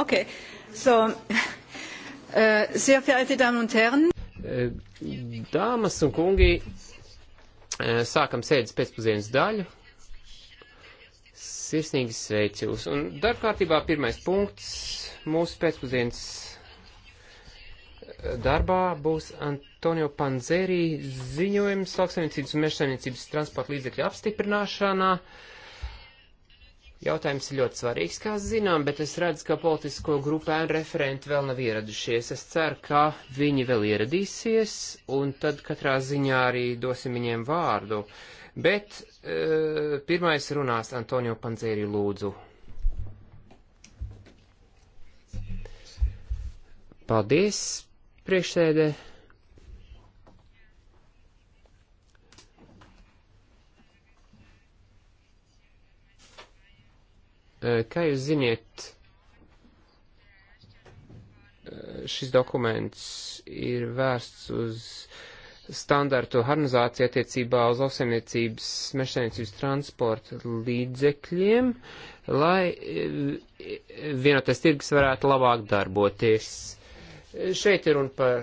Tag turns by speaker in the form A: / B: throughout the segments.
A: Okay. So, äh, sehr verehrte Damen und Herren. Äh, dāmas un kungi, äh, sākam sēdes pēcpusdienas daļu. Sirsnīgi sveicu jūs. Un darbkārtībā pirmais punkts mūsu pēcpusdienas äh, darbā būs Antonio Panzeri ziņojums lauksaimniecības un mežsaimniecības transporta līdzekļu apstiprināšanā. Uh, Jautājums ir ļoti svarīgs, kā zinām, bet es redzu, ka politisko grupēnu referenti vēl nav ieradušies. Es ceru, ka viņi vēl ieradīsies, un tad katrā ziņā arī dosim viņiem vārdu. Bet e, pirmais runās Antonio Panzēri lūdzu. Paldies, priekšsēdē. Eh, kā jūs ziniet, eh, šis dokuments ir vērsts uz standartu harmonizāciju attiecībā uz lauksaimniecības, mežsaimniecības transporta līdzekļiem, lai eh, vienotais tirgus varētu labāk darboties. Šeit ir runa par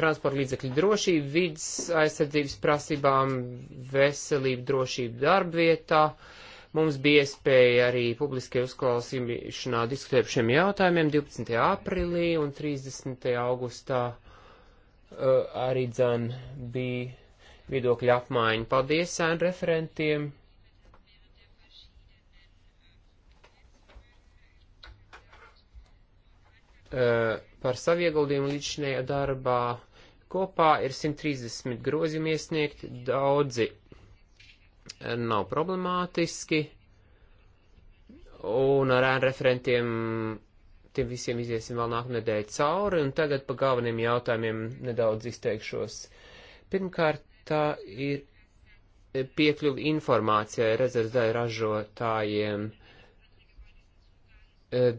A: transporta līdzekļu drošību, vidas aizsardzības prasībām, veselību drošību darbvietā. Uh, Mums bija iespēja arī publiski uzklausīšanā diskutēt par šiem jautājumiem 12. aprīlī un 30. augustā uh, arī dzan bija viedokļa apmaiņa. Paldies sēn referentiem! Uh, par savu ieguldījumu līdzinējā darbā. Kopā ir 130 grozījumi iesniegti, daudzi nav problemātiski, un ar ēnu referentiem tiem visiem iziesim vēl nākamnedēļ cauri, un tagad pa galveniem jautājumiem nedaudz izteikšos. Pirmkārt, tā ir piekļuvi informācijai rezervdēļ ražotājiem.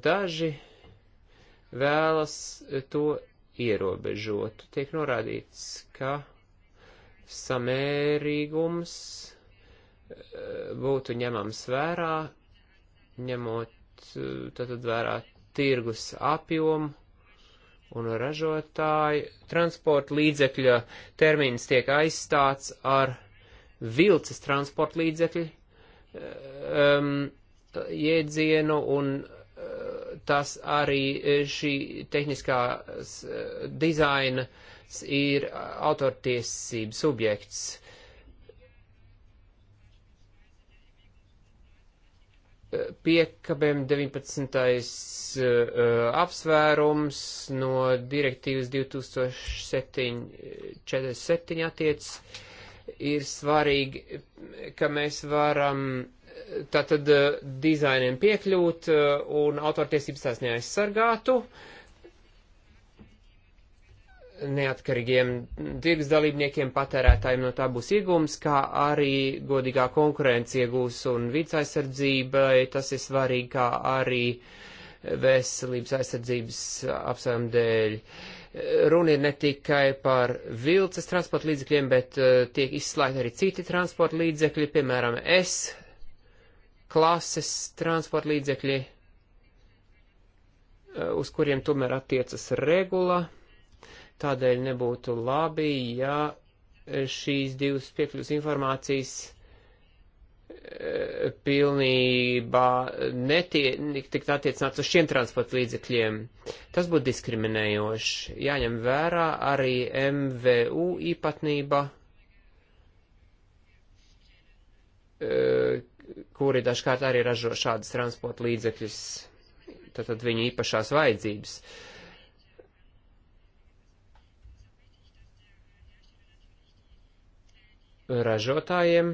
A: Daži vēlas to ierobežot. Tiek norādīts, ka samērīgums būtu ņemams vērā, ņemot tātad vērā tirgus apjomu un ražotāju. Transporta līdzekļa termins tiek aizstāts ar vilces transporta līdzekļu um, jēdzienu un uh, tas arī šī tehniskā uh, dizaina ir autortiesības subjekts. piekabēm 19. Eh, apsvērums no direktīvas 2047 eh, attiec ir svarīgi, ka mēs varam eh, tātad dizainiem piekļūt un autortiesības tās neaizsargātu. Uh, neatkarīgiem tirgus dalībniekiem, patērētājiem no tā būs iegums, kā arī godīgā konkurence iegūs un vidas aizsardzībai, tas ir svarīgi, kā arī veselības aizsardzības apsvērumu dēļ. Runa ir ne tikai par vilces transporta līdzekļiem, bet eh, tiek izslēgti arī citi transporta līdzekļi, piemēram, S klases transporta līdzekļi, eh, uz kuriem tomēr attiecas regula. Tādēļ nebūtu labi, ja šīs divas piekļuvas informācijas eh, pilnībā netiek attiecināts uz šiem transporta līdzekļiem. Tas būtu diskriminējoši. Jāņem vērā arī MVU īpatnība, eh, kuri dažkārt arī ražo šādas transporta līdzekļus, tātad viņu īpašās vajadzības. Uh, ražotājiem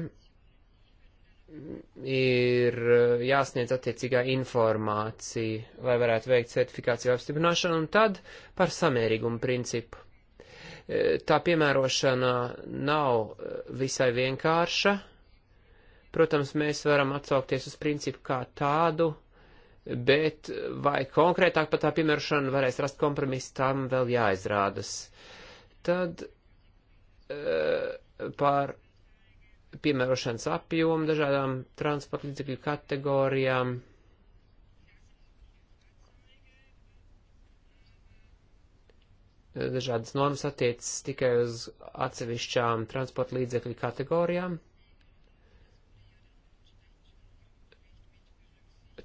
A: ir eh, jāsniedz attiecīgā informācija, lai varētu veikt certifikāciju apstiprināšanu, un tad par samērīgumu principu. Eh, tā piemērošana nav eh, visai vienkārša. Protams, mēs varam atsaukties uz principu kā tādu, bet vai konkrētāk par tā piemērošanu varēs rast kompromisu, tam vēl jāizrādas. Tad. Uh, par piemērošanas apjomu dažādām transporta līdzekļu kategorijām. Dažādas normas attiecas tikai uz atsevišķām transporta līdzekļu kategorijām.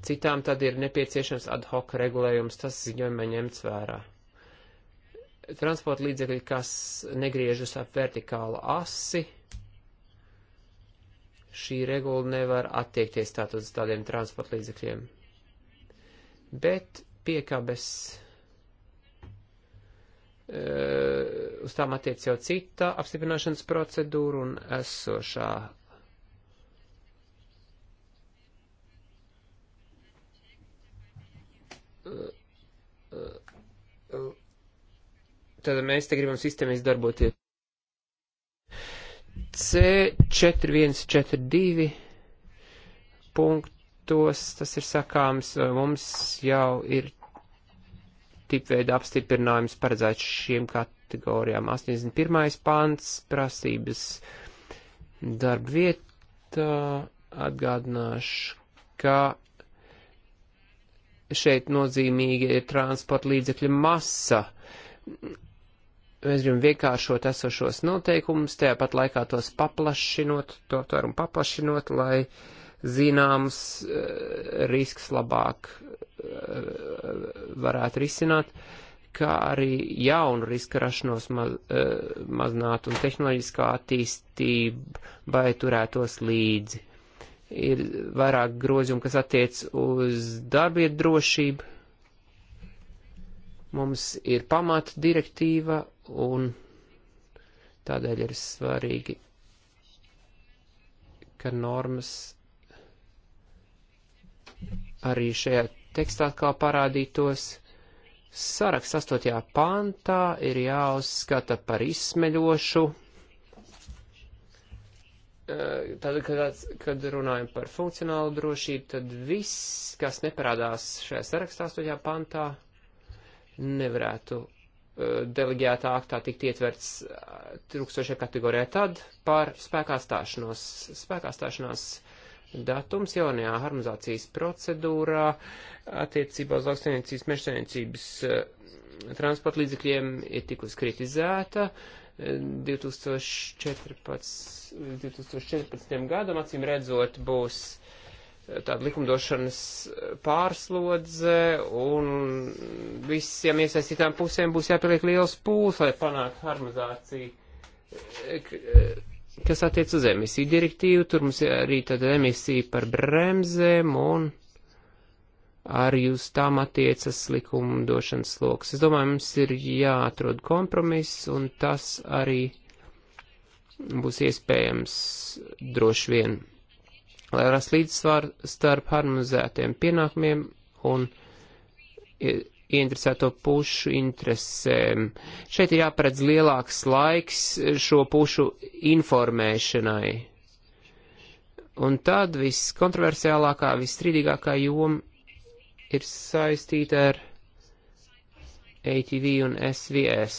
A: Citām tad ir nepieciešams ad hoc regulējums, tas ziņojumā ņemts vērā transporta līdzekļi, kas negriežas ap vertikālu asi, šī regula nevar attiekties tātad uz tādiem transporta līdzekļiem. Bet piekabes e, uz tām attiec jau cita apstiprināšanas procedūra un esošā tad mēs te gribam sistēmiski darboties. C4142 punktos, tas ir sakāms, mums jau ir tipveida apstiprinājums paredzēts šiem kategorijām. 81. pants prasības darba vietā atgādināšu, ka šeit nozīmīgi ir transporta līdzekļa masa mēs gribam vienkāršot esošos noteikumus, tajā pat laikā tos paplašinot, to varam paplašinot, lai zināms eh, risks labāk eh, varētu risināt, kā arī jaunu riska rašanos maz, eh, mazināt un tehnoloģiskā attīstībai turētos līdzi. Ir vairāk grozījumi, kas attiec uz darbiet drošību, Mums ir pamata direktīva un tādēļ ir svarīgi, ka normas arī šajā tekstā atkal parādītos. Saraksts 8. pāntā ir jāuzskata par izsmeļošu. Eh, tad, kad, kad runājam par funkcionālu drošību, tad viss, kas neparādās šajā sarakstā 8. pantā, nevarētu eh, delegētā aktā tikt ietverts eh, trūkstošajā kategorijā tad par spēkā stāšanos. Spēkā stāšanās datums jaunajā harmonizācijas procedūrā attiecībā uz lauksainiecības, mežsainiecības eh, transporta līdzekļiem ir tikus kritizēta. 2014, 2014. gadam acīm redzot būs uh, tāda likumdošanas pārslodze, un visiem iesaistītām pusēm būs jāpieliek liels pūls, lai panāktu harmonizāciju. Kas attiec uz emisiju direktīvu, tur mums ir arī tāda emisija par bremzēm, un arī uz tām attiecas likumdošanas sloks. Es domāju, mums ir jāatrod kompromiss, un tas arī būs iespējams droši vien lai rast līdzsvaru starp harmonizētiem pienākumiem un ieinteresēto pušu interesēm. Šeit ir jāparedz lielāks laiks šo pušu informēšanai. Un tad viss kontroversiālākā, visstrīdīgākā joma ir saistīta ar ATV un SVS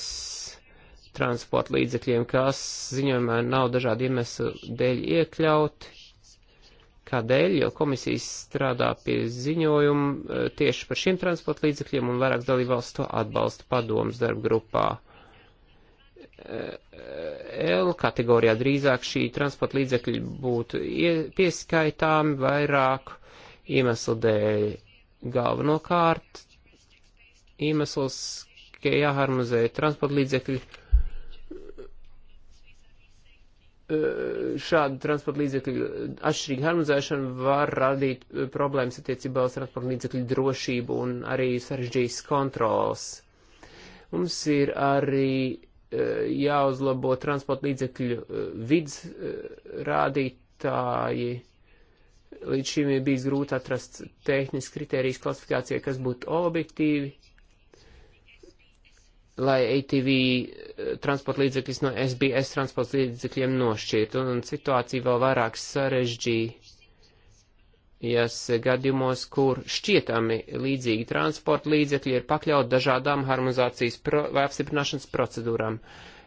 A: transporta līdzekļiem, kas ziņojumā nav dažādu iemeslu dēļ iekļauti Kādēļ? Jo komisijas strādā pie ziņojuma e, tieši par šiem transporta līdzekļiem un vairākas dalībvalsts to atbalsta padomas darba grupā. E, e, L kategorijā drīzāk šī transporta līdzekļi būtu pieskaitāmi vairāku iemeslu dēļ. Galvenokārt iemesls, ka jāharmonizē transporta līdzekļi E, šādu transporta līdzekļu atšķirīga harmonizēšana var radīt e, problēmas attiecībā uz transporta līdzekļu drošību un arī sarežģījis kontrols. Mums ir arī e, jāuzlabo transporta līdzekļu vidas rādītāji. Līdz šim ir bijis grūti atrast tehniskas kritērijas klasifikācijai, kas būtu objektīvi, lai ATV eh, transporta līdzekļus no SBS transporta līdzekļiem nošķirtu, un situācija vēl vairāk sarežģījas gadījumos, kur šķietami līdzīgi transporta līdzekļi ir pakļaut dažādām harmonizācijas pro, vai apstiprināšanas procedūram.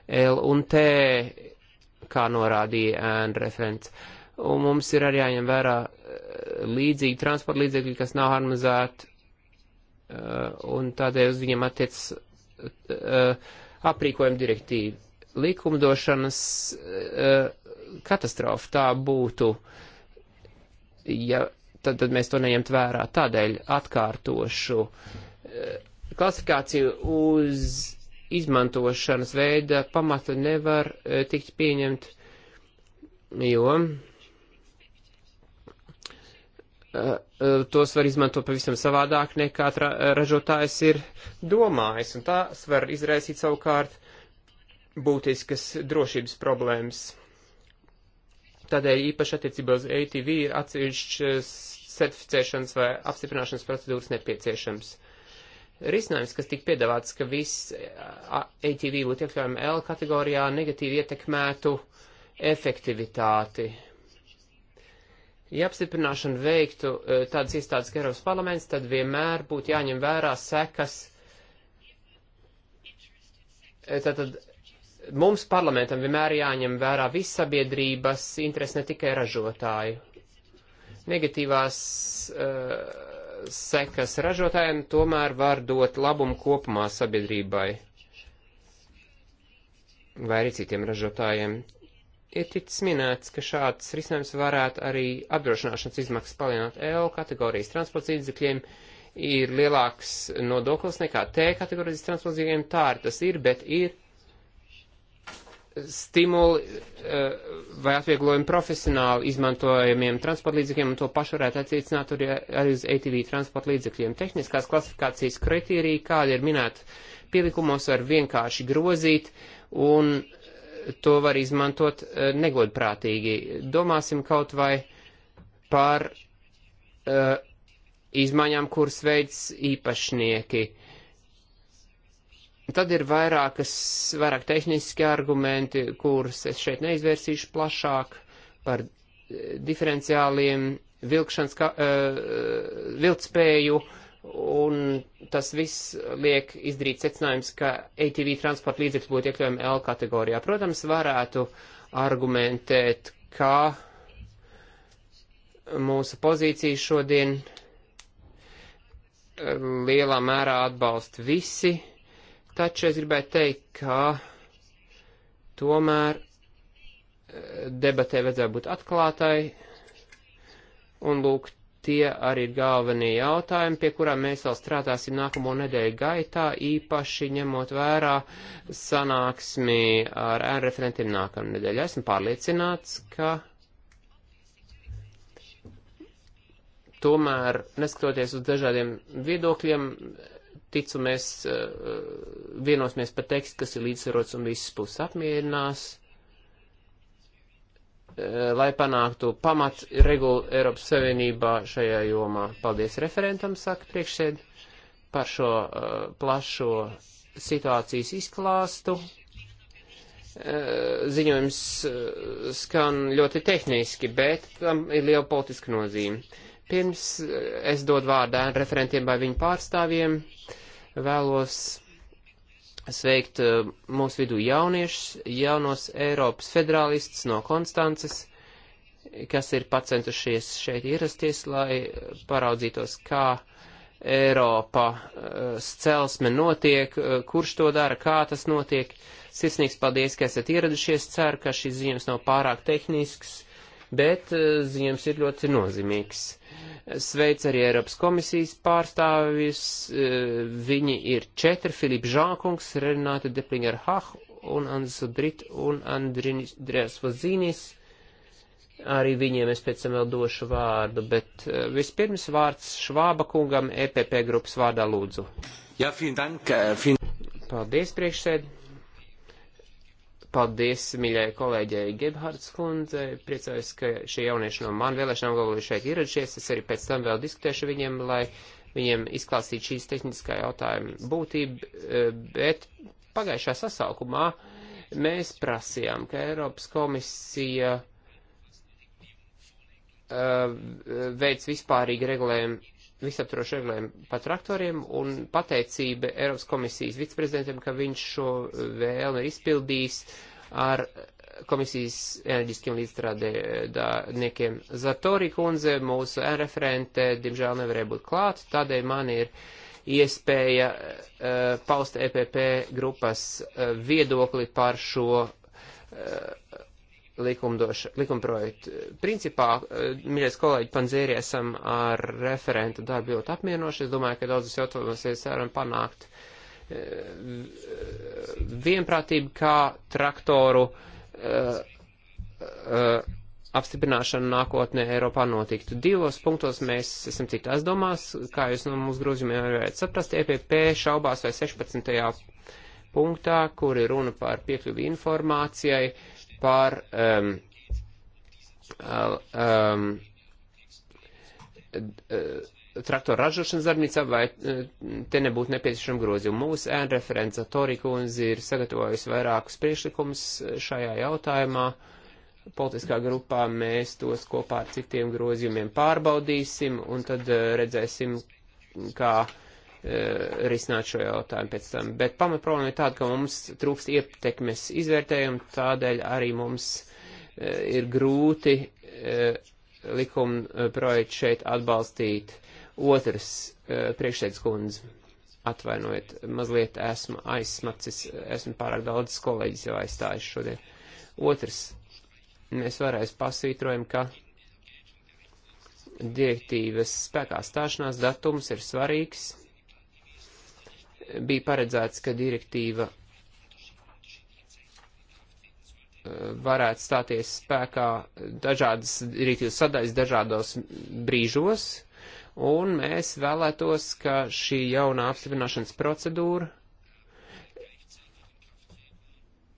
A: L un T, kā norādīja ēna referents. Un mums ir arī jāņem vērā eh, līdzīgi transporta līdzekļi, kas nav harmonizēti, eh, un tādēļ uz viņiem attiecas Uh, aprīkojuma direktīva. Likumdošanas uh, katastrofa tā būtu, ja tad, tad mēs to neņemt vērā. Tādēļ atkārtošu uh, klasifikāciju uz izmantošanas veida pamata nevar tikt pieņemt, jo Eh, tos var izmantot pavisam savādāk nekā tra, eh, ražotājs ir domājis, un tās var izraisīt savukārt būtiskas drošības problēmas. Tādēļ īpaši attiecībā uz ATV ir atsevišķas eh, certificēšanas vai apstiprināšanas procedūras nepieciešams. Risinājums, kas tika piedāvāts, ka viss ATV būtu iekļaujama L kategorijā, negatīvi ietekmētu efektivitāti. Uh, Ja apstiprināšanu veiktu e, tādas iestādes kā Eiropas parlaments, tad vienmēr būtu jāņem vērā sekas. Tātad e, mums parlamentam vienmēr jāņem vērā viss sabiedrības interesi, ne tikai ražotāju. Negatīvās uh, sekas ražotājiem tomēr var dot labumu kopumā sabiedrībai vai arī citiem ražotājiem ir ticis minēts, ka šāds risinājums varētu arī apdrošināšanas izmaksas palielināt L kategorijas transporta līdzekļiem, ir lielāks nodoklis nekā T kategorijas transporta līdzekļiem, tā arī tas ir, bet ir stimuli eh, vai atvieglojumi profesionāli izmantojamiem transporta līdzekļiem, un to pašu varētu attiecināt arī uz ATV transporta līdzekļiem. Tehniskās klasifikācijas kritērija, kāda ir minēta pielikumos, var vienkārši grozīt, un uh, to var izmantot e, negodprātīgi. Domāsim kaut vai par uh, izmaiņām, kuras veids īpašnieki. Tad ir vairākas, vairāk tehniski argumenti, kurus es šeit neizvērsīšu plašāk par e, diferenciāliem vilkšanas, uh, viltspēju, uh, Un tas viss liek izdarīt secinājums, ka ATV transporta līdzekļi būtu iekļaujami L kategorijā. Protams, varētu argumentēt, ka mūsu pozīcija šodien eh, lielā mērā atbalsta visi, taču es gribētu teikt, ka tomēr eh, debatē vajadzētu būt atklātai un lūgt Tie arī ir galvenie jautājumi, pie kurām mēs vēl strādāsim nākamo nedēļu gaitā, īpaši ņemot vērā sanāksmi ar ēnu referentiem nākamā nedēļa. Esmu pārliecināts, ka tomēr, neskatoties uz dažādiem viedokļiem, ticu mēs eh, vienosimies par tekstu, kas ir līdzsvarots un visas puses apmierinās. Eh, lai panāktu pamat regulu Eiropas Savienībā šajā jomā. Paldies referentam, saka priekšsēd, par šo uh, plašo situācijas izklāstu. Uh, ziņojums uh, skan ļoti tehniski, bet tam ir liela politiska nozīme. Pirms uh, es dodu vārdu referentiem vai viņu pārstāvjiem, vēlos sveikt eh, mūsu vidū jauniešus, jaunos Eiropas federālistus no Konstances, kas ir pacentušies šeit ierasties, lai paraudzītos, kā Eiropa eh, celsme notiek, eh, kurš to dara, kā tas notiek. Sirsnīgs paldies, ka esat ieradušies. Ceru, ka šis ziņojums nav pārāk tehnisks, bet ziņojums ir ļoti nozīmīgs sveic arī Eiropas komisijas pārstāvis, e, viņi ir četri, Filips Žākungs, Renāta Deplinger Hach un Anzu Drit un Andrijas Vazīnis. Arī viņiem es pēc tam vēl došu vārdu, bet e, vispirms vārds Švāba kungam EPP grupas vārdā lūdzu. Jā, ja, vielen dank. Äh, vielen... Paldies, priekšsēdētāji. Paldies, mīļai kolēģei Gebhards kundze. Priecājos, ka šie jaunieši no man vēlēšanām galvā šeit ieradušies. Es arī pēc tam vēl diskutēšu viņiem, lai viņiem izklāstītu šīs tehniskā jautājuma būtību. Eh, bet pagājušā sasaukumā mēs prasījām, ka Eiropas komisija eh, veids vispārīgi regulējumu visaptrošu regulējumu pa traktoriem un pateicība Eiropas komisijas viceprezidentam, ka viņš šo eh, vēlmi ir izpildījis ar komisijas enerģiskiem līdzstrādniekiem. Zatori kundze, mūsu referente, diemžēl nevarēja būt klāt, tādēļ man ir iespēja uh, paust EPP grupas uh, viedokli par šo uh, likumprojektu. Principā, eh, mīļais kolēģi Panzēri, esam ar referentu darbu ļoti apmierinoši. Es domāju, ka daudzas jautājumas mēs varam panākt eh, vienprātību kā traktoru eh, apstiprināšana nākotnē Eiropā notiktu. Divos punktos mēs esam citās domās, kā jūs no mūsu grozījumiem varētu saprast, EPP šaubās vai 16. punktā, kur ir runa par piekļuvi informācijai, uh, par um, um, e, traktoru ražošanas darbnīcā, vai e, te nebūtu nepieciešama grozījuma. Mūsu ēna referents Torikūnzi ir sagatavojusi vairākus priekšlikumus šajā jautājumā. Politiskā grupā mēs tos kopā ar citiem grozījumiem pārbaudīsim un tad e, redzēsim, kā uh, Eh, risināt šo jautājumu pēc tam. Bet pamat problēma ir tāda, ka mums trūkst ietekmes izvērtējumu, tādēļ arī mums eh, ir grūti eh, likuma projektu šeit atbalstīt. Otrs priekšsēdus kundze, atvainojiet, mazliet esmu aizsmacis, esmu pārāk daudz kolēģis jau aizstājis šodien. Otrs, mēs varēs pasvītrojam, ka direktīvas spēkā stāšanās datums ir svarīgs bija paredzēts, ka direktīva eh, varētu stāties spēkā dažādas direktīvas sadaļas dažādos brīžos, un mēs vēlētos, ka šī jaunā apstiprināšanas procedūra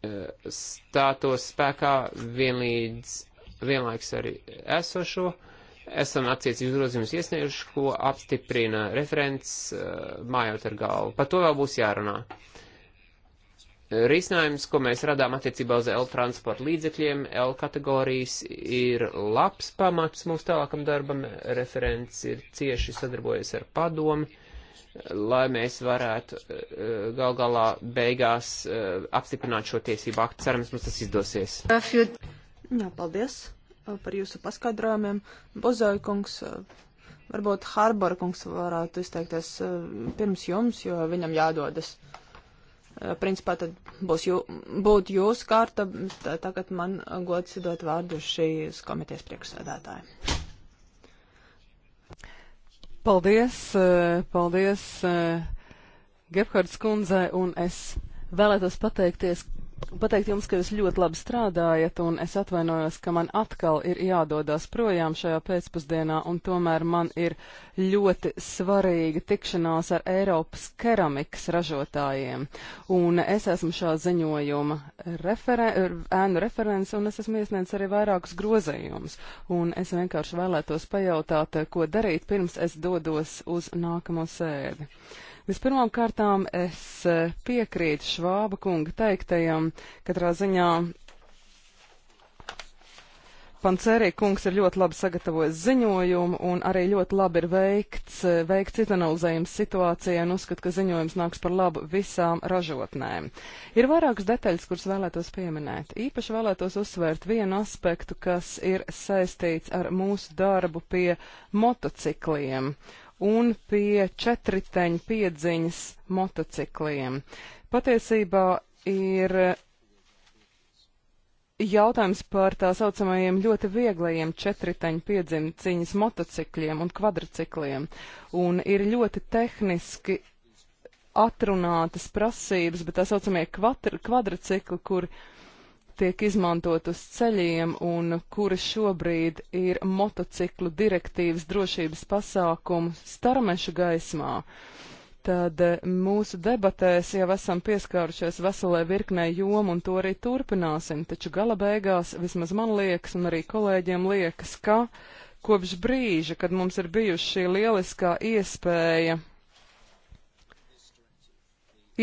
A: eh, stātos spēkā vienlīdz, vienlaiks arī esošo uh, esam attiecīgus grozījumus iesnieguši, ko apstiprina referents eh, mājot ar galvu. Par to vēl būs jārunā. Risinājums, ko mēs radām attiecībā uz L transporta līdzekļiem, L kategorijas, ir labs pamats mūsu tālākam darbam. Referents ir cieši sadarbojies ar padomi lai mēs varētu eh, gal galā beigās eh, apstiprināt šo tiesību aktu. Cerams, mums tas izdosies.
B: Jā, paldies. Uh, par jūsu paskaidrojumiem. Bozoja kungs, uh, varbūt Harbora kungs varētu izteikties uh, pirms jums, jo viņam jādodas. Principā tad būs jū, būt jūsu kārta, tagad man gods dot vārdu
C: šīs komitejas priekšsēdētājai. Paldies, paldies Gebhards kundzei un es vēlētos pateikties pateikt jums, ka jūs ļoti labi strādājat, un es atvainojos, ka man atkal ir jādodas projām šajā pēcpusdienā, un tomēr man ir ļoti svarīga tikšanās ar Eiropas keramikas ražotājiem. Un es esmu šā ziņojuma referen ēnu referents, un es esmu iesniedzis arī vairākus grozējumus. Un es vienkārši vēlētos pajautāt, ko darīt pirms es dodos uz nākamo sēdi. Vispirmām kārtām es eh, piekrītu Švāba kunga teiktajam, katrā ziņā Pancerī kungs ir ļoti labi sagatavojis ziņojumu un arī ļoti labi ir veikts, eh, veikts izanalizējums situācijai un uzskat, ka ziņojums nāks par labu visām ražotnēm. Ir vairākas detaļas, kuras vēlētos pieminēt. Īpaši vēlētos uzsvērt vienu aspektu, kas ir saistīts ar mūsu darbu pie motocikliem. Uh, un pie četriteņa piedziņas motocikliem. Patiesībā ir jautājums par tā saucamajiem ļoti vieglajiem četriteņu piedzimciņas motocikļiem un kvadracikliem, un ir ļoti tehniski atrunātas prasības, bet tā saucamie kvadr kvadracikli, kur uh, tiek izmantot uz ceļiem un kura šobrīd ir motociklu direktīvas drošības pasākumu starmešu gaismā, tad eh, mūsu debatēs jau esam pieskārušies veselē virknē jomu un to arī turpināsim, taču gala beigās vismaz man liekas un arī kolēģiem liekas, ka kopš brīža, kad mums ir bijusi šī lieliskā iespēja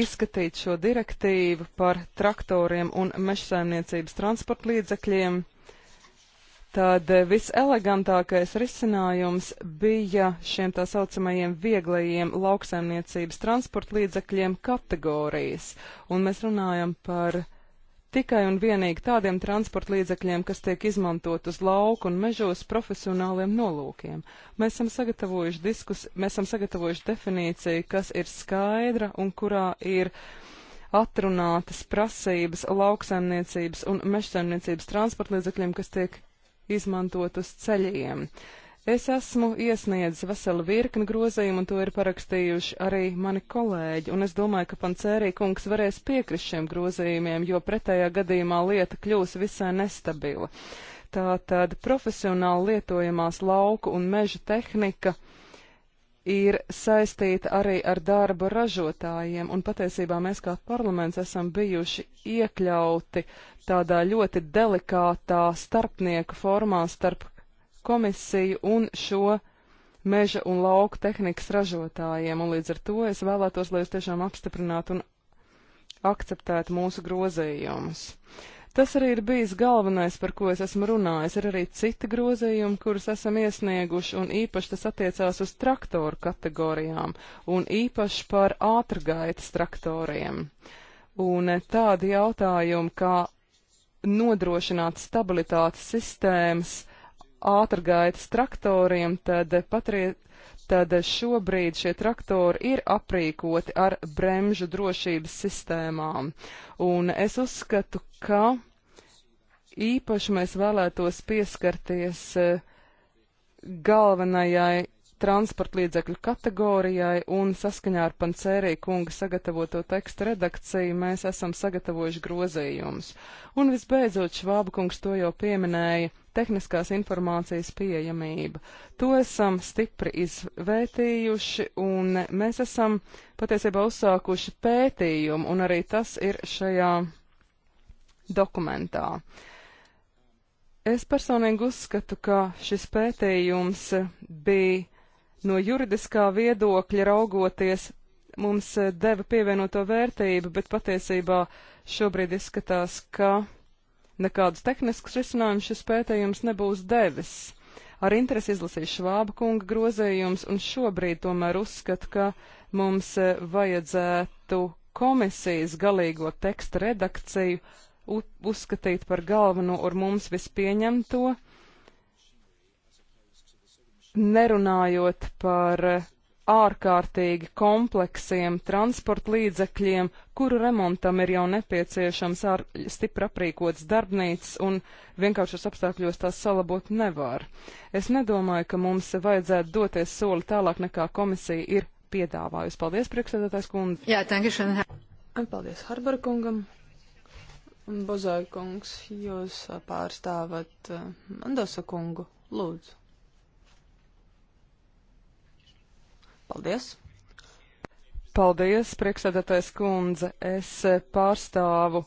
C: izskatīt šo direktīvu par traktoriem un mežsaimniecības transportlīdzekļiem, tad eh, viselegantākais risinājums bija šiem tā saucamajiem vieglajiem lauksaimniecības transportlīdzekļiem kategorijas, un mēs runājam par tikai un vienīgi tādiem transportlīdzekļiem, kas tiek izmantot uz lauku un mežos profesionāliem nolūkiem. Mēs esam sagatavojuši, diskus, mēs esam sagatavojuši definīciju, kas ir skaidra un kurā ir atrunātas prasības lauksaimniecības un mežsaimniecības transportlīdzekļiem, kas tiek izmantot uz ceļiem. Uh, Es esmu iesniedzis veselu virkni grozījumu, un to ir parakstījuši arī mani kolēģi, un es domāju, ka Pancērī kungs varēs piekrist šiem grozījumiem, jo pretējā gadījumā lieta kļūs visai nestabila. Tātad profesionāli lietojamās lauku un meža tehnika ir saistīta arī ar darba ražotājiem, un patiesībā mēs kā parlaments esam bijuši iekļauti tādā ļoti delikātā starpnieku formā starp komisiju un šo meža un lauka tehnikas ražotājiem, un līdz ar to es vēlētos, lai jūs tiešām apstiprinātu un akceptētu mūsu grozījumus. Tas arī ir bijis galvenais, par ko es esmu runājis. Ir arī citi grozījumi, kurus esam iesnieguši, un īpaši tas attiecās uz traktoru kategorijām, un īpaši par ātrgaitas traktoriem. Un tādi jautājumi, kā nodrošināt stabilitātes sistēmas, uh, ātrgaitas traktoriem, tad, patrie, tad šobrīd šie traktori ir aprīkoti ar bremžu drošības sistēmām. Un es uzskatu, ka īpaši mēs vēlētos pieskarties eh, galvenajai transportlīdzekļu kategorijai, un saskaņā ar Pancērī kunga sagatavoto tekstu redakciju mēs esam sagatavojuši grozījumus. Un visbeidzot, Švāba kungs to jau pieminēja - tehniskās informācijas pieejamība. To esam stipri izvērtījuši, un mēs esam patiesībā uzsākuši pētījumu, un arī tas ir šajā dokumentā. Es personīgi uzskatu, ka šis pētījums bija no juridiskā viedokļa raugoties, mums eh, deva pievienoto vērtību, bet patiesībā šobrīd izskatās, ka nekādus tehniskus risinājumus šis pētījums nebūs devis. Ar interesi izlasīju Švāba kunga grozējums un šobrīd tomēr uzskatu, ka mums eh, vajadzētu komisijas galīgo teksta redakciju uzskatīt par galveno ar mums vispieņemto, nerunājot par ārkārtīgi kompleksiem transporta līdzekļiem, kuru remontam ir jau nepieciešams ar stipri aprīkots darbnīcas un vienkāršos apstākļos tās salabot nevar. Es nedomāju, ka mums vajadzētu doties soli tālāk nekā komisija ir piedāvājusi. Paldies, priekšsēdētājs kundze. Jā, tankišana. Paldies Harbara
B: kungam. Bozāja kungs, jūs pārstāvat
C: Mendosa kungu. Lūdzu. Paldies! Paldies, priekšsēdētājs kundze. Es pārstāvu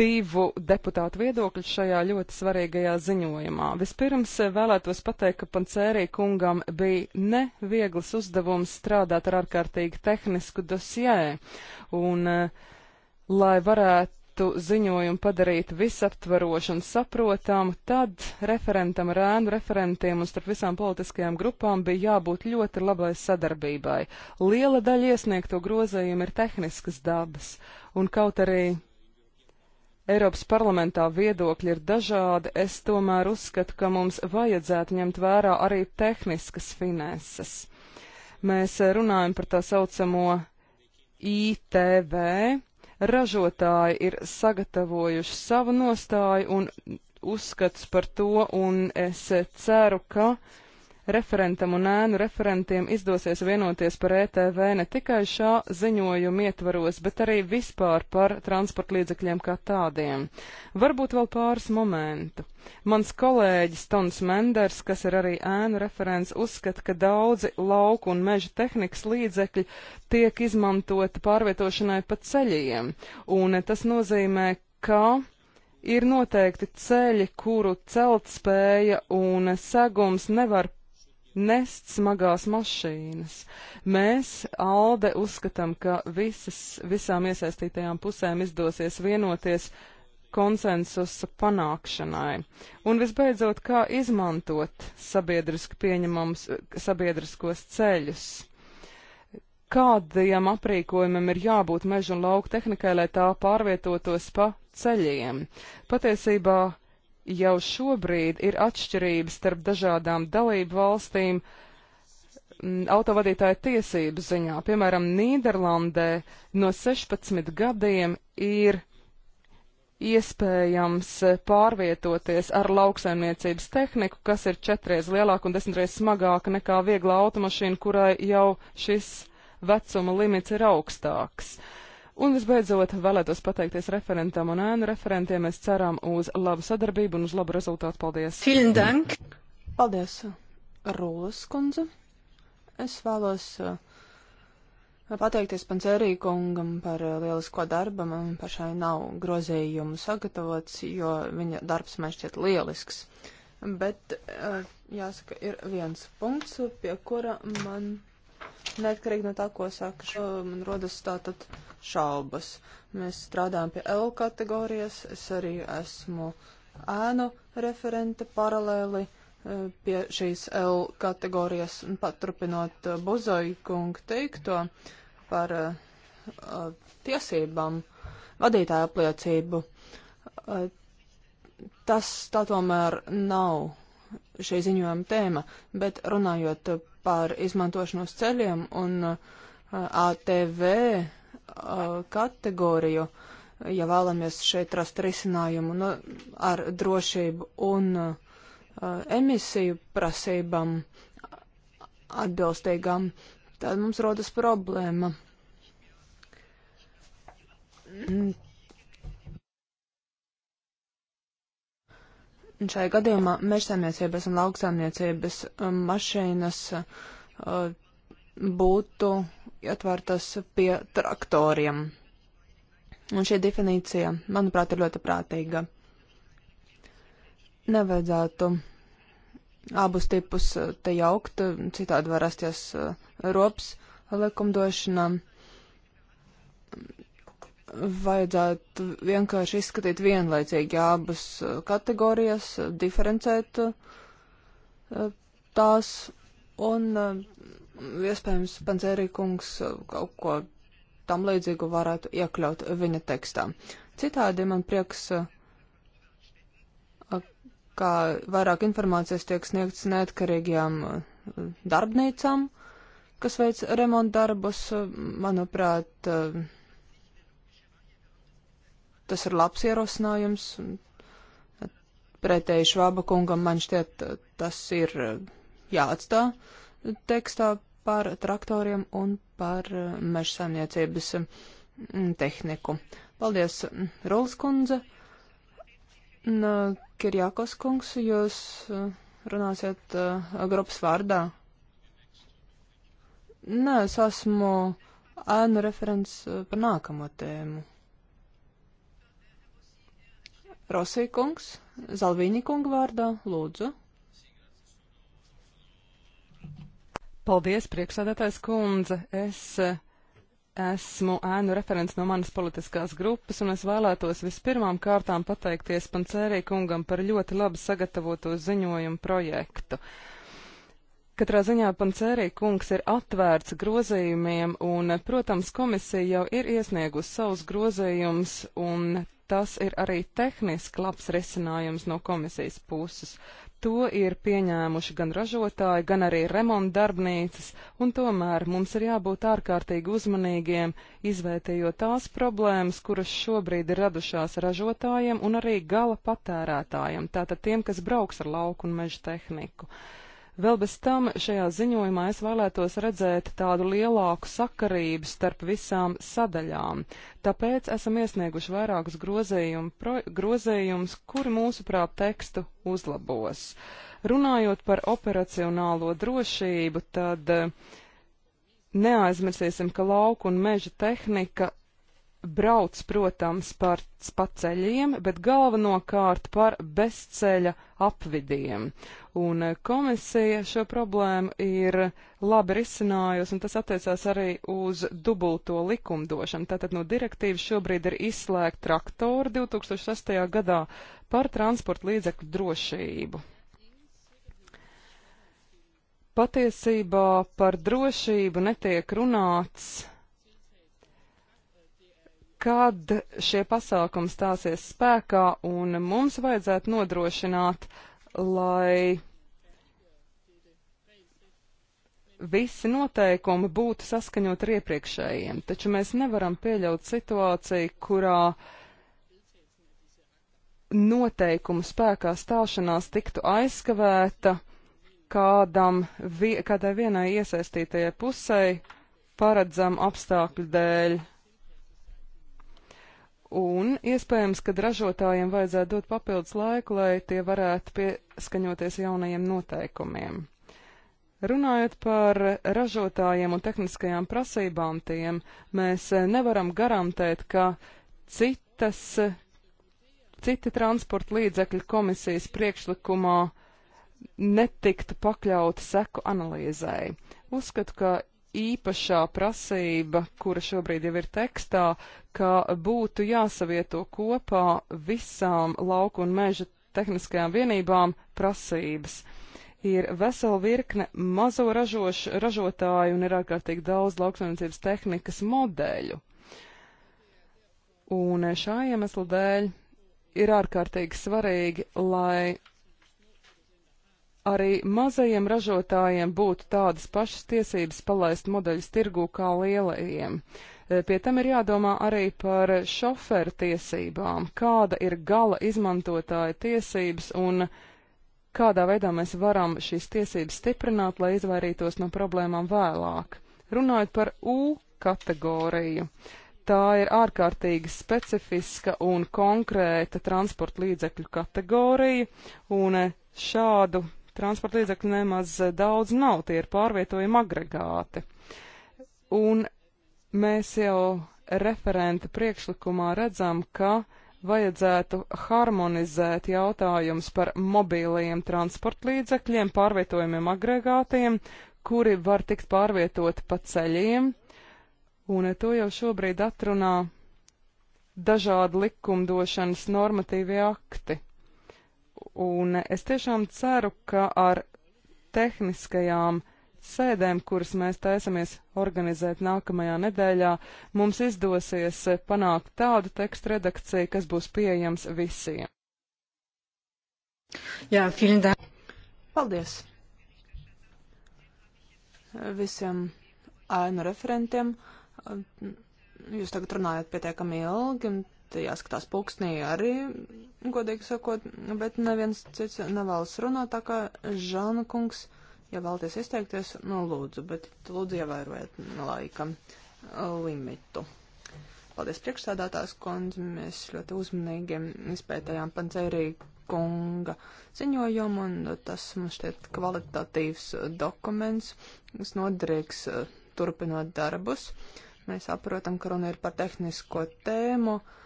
C: divu deputātu viedokļu šajā ļoti svarīgajā ziņojumā. Vispirms vēlētos pateikt, ka Pancērī kungam bija neviegls uzdevums strādāt ar ārkārtīgi tehnisku dosjē. Un, eh, lai varētu varētu ziņojumu padarīt visaptvarošu un saprotamu, tad referentam ar ēnu referentiem un starp visām politiskajām grupām bija jābūt ļoti labai sadarbībai. Liela daļa iesniegto grozējumu ir tehniskas dabas, un kaut arī Eiropas parlamentā viedokļi ir dažādi, es tomēr uzskatu, ka mums vajadzētu ņemt vērā arī tehniskas finanses. Mēs runājam par tā saucamo ITV, Ražotāji ir sagatavojuši savu nostāju un uzskats par to, un es ceru, ka referentam un ēnu referentiem izdosies vienoties par ETV ne tikai šā ziņojuma ietvaros, bet arī vispār par transportlīdzekļiem kā tādiem. Varbūt vēl pāris momentu. Mans kolēģis Tons Menders, kas ir arī ēnu referents, uzskata, ka daudzi lauku un meža tehnikas līdzekļi tiek izmantoti pārvietošanai pa ceļiem, un tas nozīmē, ka ir noteikti ceļi, kuru celtspēja un segums nevar nest smagās mašīnas. Mēs, Alde, uzskatām, ka visas, visām iesaistītajām pusēm izdosies vienoties konsensusa panākšanai. Un visbeidzot, kā izmantot sabiedriski pieņemams sabiedriskos ceļus. Kādiem aprīkojumam ir jābūt meža un lauka tehnikai, lai tā pārvietotos pa ceļiem? Patiesībā jau šobrīd ir atšķirības starp dažādām dalību valstīm mm, autovadītāja tiesību ziņā. Piemēram, Nīderlandē no 16 gadiem ir iespējams pārvietoties ar lauksaimniecības tehniku, kas ir četreiz lielāka un desmitreiz smagāka nekā viegla automašīna, kurai jau šis vecuma limits ir augstāks. Uh, Un visbeidzot, vēlētos pateikties referentam un ēnu referentiem. Mēs ceram uz labu sadarbību un uz labu rezultātu. Paldies! Vielen Dank!
B: Paldies, Rūlas kundze! Es vēlos eh, pateikties Pancerī kungam par eh, lielisko darbu. Man pašai nav grozījumu sagatavots, jo viņa darbs man šķiet lielisks. Bet, eh, jāsaka, ir viens punkts, pie kura man Neatkarīgi no tā, ko saka, šo, man rodas tātad šaubas. Mēs strādājam pie L kategorijas, es arī esmu ēnu referente paralēli eh, pie šīs L kategorijas un paturpinot eh, Buzoju kungu teikto par uh, tiesībām, vadītāju apliecību. Uh, tas tā tomēr nav šī ziņojuma tēma, bet runājot par izmantošanos ceļiem un uh, ATV uh, kategoriju, ja vēlamies šeit rast risinājumu nu, ar drošību un uh, emisiju prasībām atbilstīgām, tad mums rodas problēma. šajā gadījumā mežsaimniecības un lauksaimniecības um, mašīnas uh, būtu ietvērtas pie traktoriem. Un šī definīcija, manuprāt, ir ļoti prātīga. Nevajadzētu abus tipus te jaukt, citādi var rasties uh, rops likumdošanām vajadzētu vienkārši izskatīt vienlaicīgi abas uh, kategorijas, diferencēt uh, tās, un uh, iespējams Pancerīkungs kaut ko tam līdzīgu varētu iekļaut viņa tekstā. Citādi man prieks, kā vairāk informācijas tiek sniegts neatkarīgajām darbnīcām, kas veic remontdarbus, manuprāt, tas ir labs ierosinājums. Pretēji Švaba kungam man šķiet, tas ir eh, jāatstā tekstā par traktoriem un par eh, mežsaimniecības mm, tehniku. Paldies, mm, Rolas kundze. Kirjākos kungs, jūs eh, runāsiet grupas vārdā. Nē, es esmu ēnu referents par nākamo tēmu. Rosīkungs, Zalvīņa
C: kunga vārdā, lūdzu. Paldies, priekšsēdētājs kundze. Es eh, esmu ēnu referents no manas politiskās grupas, un es vēlētos vispirmām kārtām pateikties Pancērī kungam par ļoti labi sagatavoto ziņojumu projektu. Katrā ziņā Pancērī kungs ir atvērts grozījumiem, un, protams, komisija jau ir iesniegusi savus grozījumus, un tas ir arī tehniski labs risinājums no komisijas puses. To ir pieņēmuši gan ražotāji, gan arī remontdarbnīcas, un tomēr mums ir jābūt ārkārtīgi uzmanīgiem, izvērtējot tās problēmas, kuras šobrīd ir radušās ražotājiem un arī gala patērētājiem, tātad tiem, kas brauks ar lauku un meža tehniku. Uh, Vēl bez tam šajā ziņojumā es vēlētos redzēt tādu lielāku sakarību starp visām sadaļām. Tāpēc esam iesnieguši vairākus grozījumus, kuri mūsuprāt tekstu uzlabos. Runājot par operacionālo drošību, tad neaizmirsīsim, ka lauku un meža tehnika brauc, protams, par pa ceļiem, bet galvenokārt par bezceļa apvidiem. Un eh, komisija šo problēmu ir labi risinājusi, un tas attiecās arī uz dubulto likumdošanu. Tātad no direktīvas šobrīd ir izslēgta traktori 2006. gadā par transporta līdzekļu drošību. Patiesībā par drošību netiek runāts kad šie pasākumi stāsies spēkā, un mums vajadzētu nodrošināt, lai visi noteikumi būtu saskaņot ar iepriekšējiem, taču mēs nevaram pieļaut situāciju, kurā noteikumu spēkā stāšanās tiktu aizskavēta kādam, vi, kādai vienai iesaistītajai pusei paredzam apstākļu dēļ. Un iespējams, ka ražotājiem vajadzētu dot papildus laiku, lai tie varētu pieskaņoties jaunajiem noteikumiem. Runājot par ražotājiem un tehniskajām prasībām tiem, mēs nevaram garantēt, ka citas, citi transporta līdzekļu komisijas priekšlikumā netiktu pakļauti seku analīzēji. Uzskatu, ka īpašā prasība, kura šobrīd jau ir tekstā, ka būtu jāsavieto kopā visām lauku un meža tehniskajām vienībām prasības. Ir vesela virkne mazo ražoš, ražotāju un ir ārkārtīgi daudz lauksaimniecības tehnikas modeļu. Un šā iemesla dēļ ir ārkārtīgi svarīgi, lai Arī mazajiem ražotājiem būtu tādas pašas tiesības palaist modeļus tirgū kā lielajiem. E, pie tam ir jādomā arī par šoferu tiesībām, kāda ir gala izmantotāja tiesības un kādā veidā mēs varam šīs tiesības stiprināt, lai izvairītos no problēmām vēlāk. Runājot par U kategoriju, tā ir ārkārtīgi specifiska un konkrēta transporta līdzekļu kategorija, un šādu transporta līdzekļu nemaz daudz nav, tie ir pārvietojumi agregāti. Un mēs jau referenta priekšlikumā redzam, ka vajadzētu harmonizēt jautājums par mobīliem transportlīdzekļiem, pārvietojumiem agregātiem, kuri var tikt pārvietoti pa ceļiem, un to jau šobrīd atrunā dažādi likumdošanas normatīvi akti. Un es tiešām ceru, ka ar tehniskajām sēdēm, kuras mēs taisamies organizēt nākamajā nedēļā, mums izdosies panākt tādu tekstu redakciju, kas būs pieejams visiem. Jā, Filinda. Paldies
B: visiem ēnu referentiem. Jūs tagad runājat pietiekami ilgi, un jāskatās pulkstnī arī, godīgi sakot, bet neviens cits nevēlas runāt, tā kā Žāna kungs, ja vēlaties izteikties, nu lūdzu, bet lūdzu ievērojiet laika limitu. Paldies priekšsādātās kundze, mēs ļoti uzmanīgi izpētējām pancērī kunga ziņojumu, un tas mums šķiet kvalitatīvs dokuments, kas noderīgs eh, turpinot darbus. Mēs saprotam, ka runa ir par tehnisko tēmu. Uh,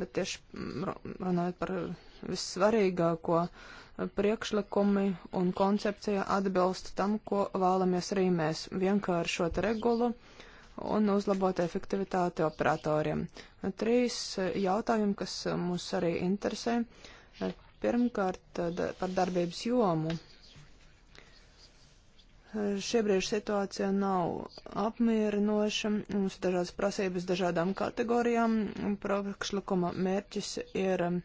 B: Bet tieši runājot par vissvarīgāko, priekšlikumi un koncepcija atbilst tam, ko vēlamies arī mēs - vienkāršot regulu un uzlabot efektivitāti operatoriem. Trīs jautājumi, kas mūs arī interesē. Pirmkārt, par darbības jomu. Šie brīži situācija nav apmierinoša. Mums ir dažādas prasības dažādām kategorijām. Priekšlikuma mērķis ir um,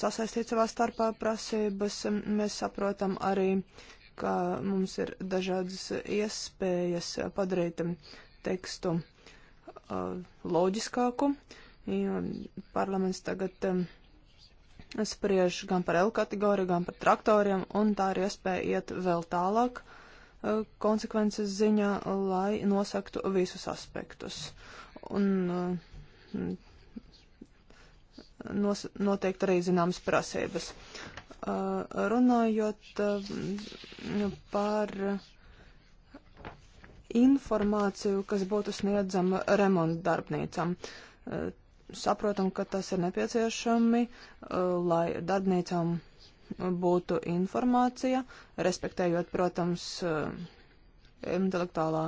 B: sasaistīt savā starpā prasības. Mēs saprotam arī, ka mums ir dažādas iespējas padarīt tekstu uh, loģiskāku. Parlaments tagad um, spriež gan par L kategoriju, gan par traktoriem, un tā ir iespēja iet vēl tālāk. Uh, konsekvences ziņā, lai nosaktu visus aspektus. Un uh, nos, noteikti arī zināmas prasības. Uh, runājot uh, par informāciju, kas būtu sniedzama remonta darbnīcām. Saprotam, ka tas ir nepieciešami, lai darbnīcām būtu informācija, respektējot, protams, eh, intelektuālā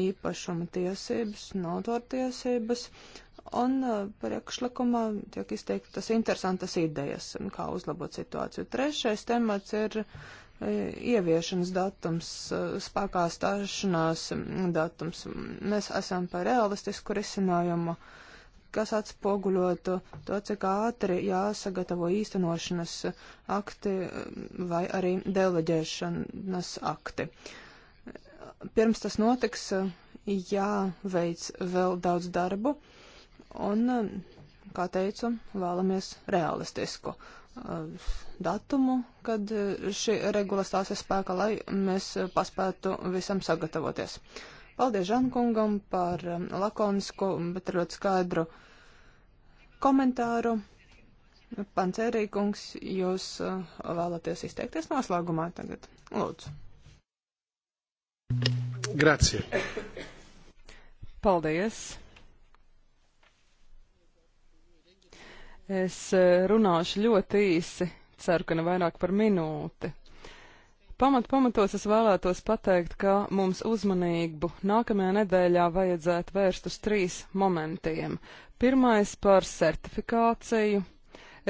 B: īpašuma tiesības un autortiesības. Eh, un priekšlikumā tiek izteiktas interesantas idejas, kā uzlabot situāciju. Trešais temats ir eh, ieviešanas datums, spēkā stāšanās datums. Mēs esam par realistisku risinājumu. Uh, kas atspoguļotu to, cik ātri jāsagatavo īstenošanas akti mm, vai arī deleģēšanas akti. Pirms tas notiks, jāveic vēl daudz darbu un, kā teicu, vēlamies realistisku eh, datumu, kad eh, šī regula stāsies spēkā, lai mēs eh, paspētu visam sagatavoties. Paldies Žankungam par um, lakonisku, bet ļoti skaidru komentāru. Pancerīkungs, jūs uh, vēlaties izteikties noslēgumā tagad. Lūdzu.
C: Grazie. Paldies. Es uh, runāšu ļoti īsi, ceru, ka ne vairāk par minūti. Pamat pamatos es vēlētos pateikt, ka mums uzmanību nākamajā nedēļā vajadzētu vērst uz trīs momentiem. Pirmais par certifikāciju.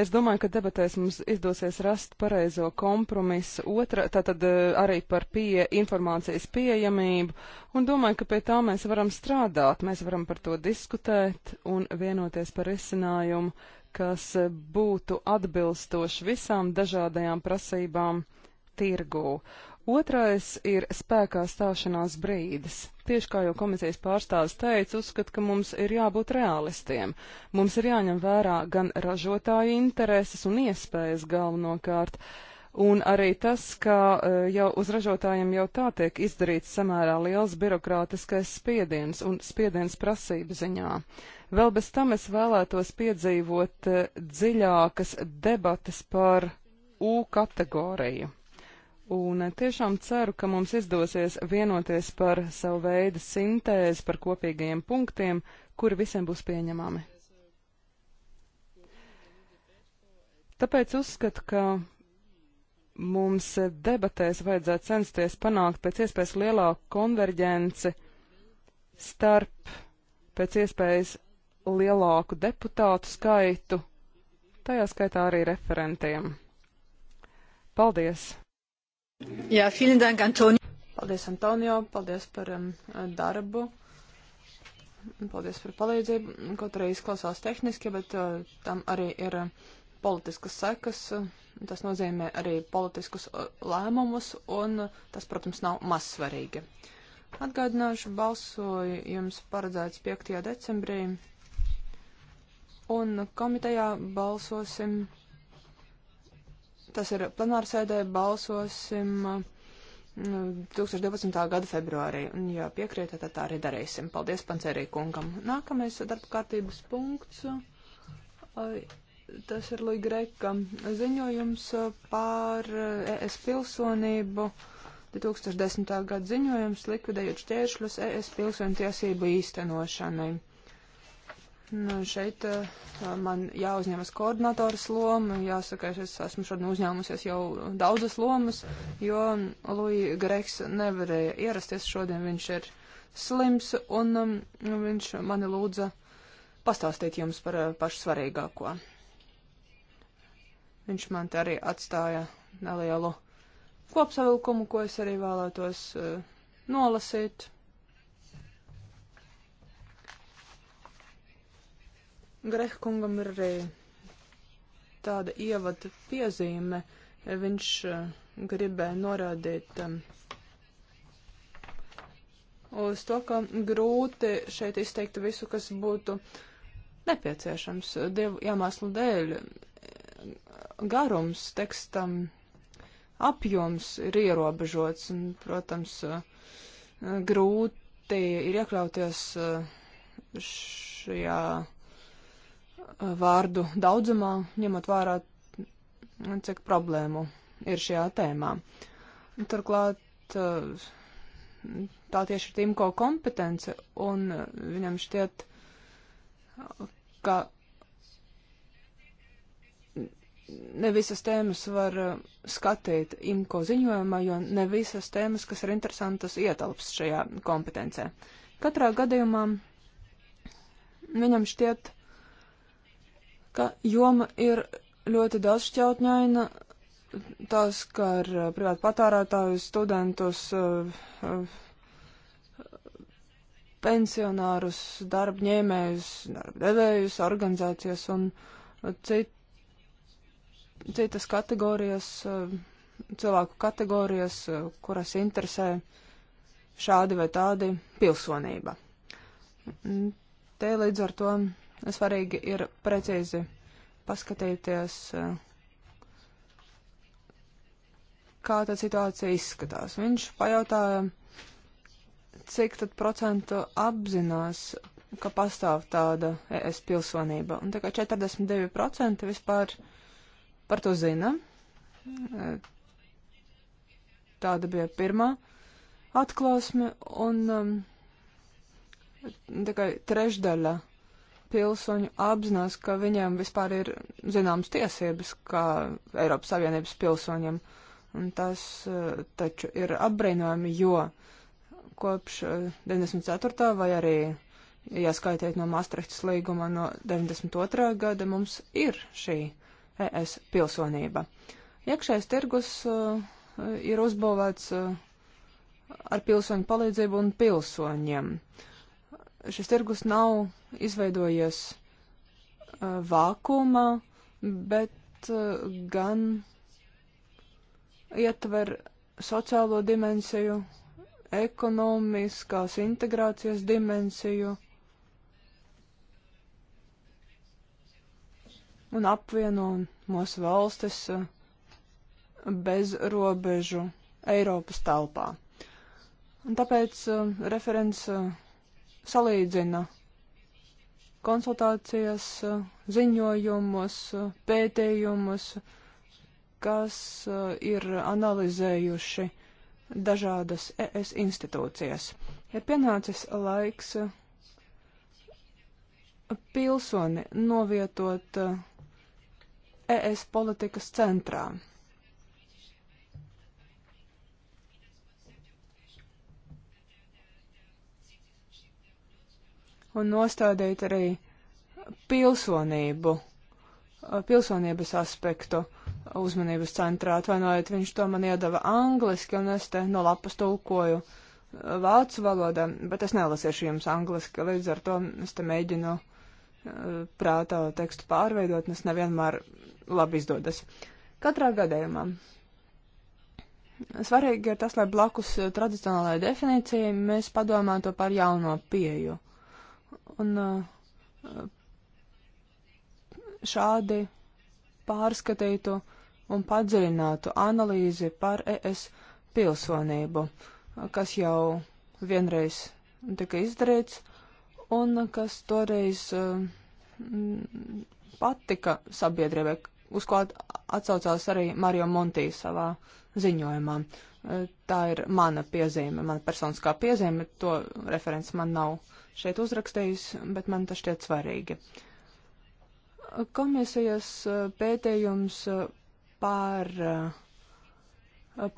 C: Es domāju, ka debatēs mums izdosies rast pareizo kompromisu, otra, tātad eh, arī par pie, informācijas pieejamību, un domāju, ka pie tā mēs varam strādāt, mēs varam par to diskutēt un vienoties par risinājumu, kas eh, būtu atbilstoši visām dažādajām prasībām tirgū. Otrais ir spēkā stāšanās brīdis. Tieši kā jau komisijas pārstāvis teica, uzskat, ka mums ir jābūt realistiem. Mums ir jāņem vērā gan ražotāju intereses un iespējas galvenokārt, un arī tas, ka eh, jau uz ražotājiem jau tā tiek izdarīts samērā liels birokrātiskais spiediens un spiediens prasību ziņā. Vēl bez tam es vēlētos piedzīvot eh, dziļākas debatas par U kategoriju Un tiešām ceru, ka mums izdosies vienoties par savu veidu sintēzi, par kopīgajiem punktiem, kuri visiem būs pieņemami. Tāpēc uzskatu, ka mums debatēs vajadzētu censties panākt pēc iespējas lielāku konverģenci starp pēc iespējas lielāku deputātu skaitu, tajā skaitā arī referentiem. Paldies!
B: Jā, vielen dank, Antonio. Paldies, Antonio, paldies par um, darbu. Paldies par palīdzību. Kaut arī izklausās tehniski, bet uh, tam arī ir uh, politiskas sekas. Tas nozīmē arī politiskus uh, lēmumus, un uh, tas, protams, nav mazsvarīgi. Atgādināšu, balsoju jums paredzēts 5. decembrī, un komitejā balsosim Tas ir plenārsēdē balsosim 2012. Mm, gada februārī. Un, ja piekrītat, tad tā arī darīsim. Paldies pancerī kungam. Nākamais darba kārtības punkts. Tas ir Līga Reka ziņojums par eh, ES pilsonību. 2010. gada ziņojums likvidējot šķēršļus eh, ES pilsoņu tiesību īstenošanai. Nu, šeit eh, man jāuzņemas koordinatoras loma, jāsaka, es esmu šodien uzņēmusies jau daudzas lomas, jo Lui Greks nevarēja ierasties šodien, viņš ir slims un um, viņš mani lūdza pastāstīt jums par uh, pašu svarīgāko. Viņš man te arī atstāja nelielu kopsavilkumu, ko es arī vēlētos uh, nolasīt. Grehkungam ir arī tāda ievada piezīme. Viņš eh, gribēja norādīt eh, uz to, ka grūti šeit izteikt visu, kas būtu nepieciešams dievu iemeslu dēļ. Eh, garums tekstam apjoms ir ierobežots un, protams, grūti ir iekļauties šajā vārdu daudzumā, ņemot vērā, cik problēmu ir šajā tēmā. Turklāt tā tieši ir Timko kompetence, un viņam šķiet, ka ne visas tēmas var skatīt IMCO ziņojumā, jo ne visas tēmas, kas ir interesantas, ietilps šajā kompetencē. Katrā gadījumā viņam šķiet, ka joma ir ļoti daudzšķautņaina. Tas, kā ar uh, privātu patārētājus, studentus, uh, uh, pensionārus, darbņēmējus, darbdevējus, organizācijas un cit, citas kategorijas, cilvēku kategorijas, kuras interesē šādi vai tādi pilsonība. Mm, te līdz ar to Svarīgi ir precīzi paskatīties, kā tā situācija izskatās. Viņš pajautāja, cik tad procentu apzinās, ka pastāv tāda ES pilsonība. Un tikai 42% vispār par to zina. Tāda bija pirmā atklāsme, un um, tikai trešdaļa pilsoņu apzinās, ka viņiem vispār ir zināmas tiesības kā Eiropas Savienības pilsoņiem. Un tas eh, taču ir apbrīnojami, jo kopš 94. Eh, vai arī, ja skaitiet no Maastrichtas līguma no 92. gada, mums ir šī ES pilsonība. Iekšējais tirgus uh, ir uzbūvēts uh, ar pilsoņu palīdzību un pilsoņiem. Uh, Šis tirgus nav izveidojies uh, vākumā, bet uh, gan ietver sociālo dimensiju, ekonomiskās integrācijas dimensiju un apvieno mūsu valstis bez robežu Eiropas telpā. Un tāpēc uh, referents uh, salīdzina konsultācijas, ziņojumus, pētījumus, kas eh, ir analizējuši dažādas ES institūcijas. Ir pienācis laiks eh, pilsoni novietot ES eh, e politikas centrā. un nostādīt arī pilsonību, pilsonības aspektu uzmanības centrā. Atvainojiet, viņš to man iedeva angliski, un es te no lapas tulkoju vācu valodā, bet es nelasīšu jums angliski, līdz ar to es te mēģinu prātā tekstu pārveidot, un es nevienmēr labi izdodas. Katrā gadījumā svarīgi ir tas, lai blakus tradicionālajai definīcijai mēs padomātu par jauno pieju. Un eh, šādi pārskatītu un padziļinātu analīzi par ES pilsonību, kas jau vienreiz tika izdarīts un kas toreiz eh, patika sabiedrībai, uz ko atsaucās arī Mario Monti savā ziņojumā. Eh, tā ir mana piezīme, mana personiskā piezīme, to referents man nav šeit uzrakstījusi, bet man tas šķiet svarīgi. Komisijas eh, pētījums eh, par eh,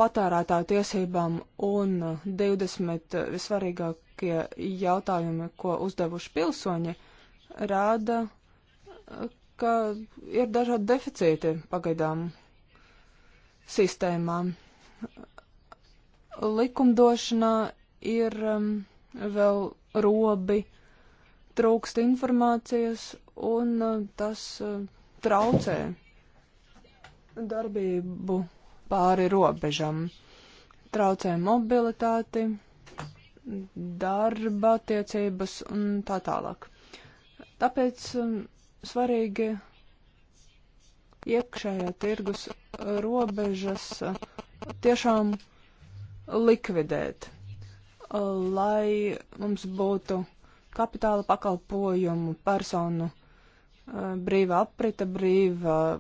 B: patērētāju tiesībām un 20 visvarīgākie jautājumi, ko uzdevuši pilsoņi, rāda, ka ir dažādi deficīti pagaidām sistēmām. Likumdošanā ir um, vēl robi, trūkst informācijas un eh, tas eh, traucē darbību pāri robežam, traucē mobilitāti, darba attiecības un tā tālāk. Tāpēc eh, svarīgi iekšējā tirgus robežas tiešām likvidēt lai mums būtu kapitāla pakalpojumu, personu brīva aprita, brīva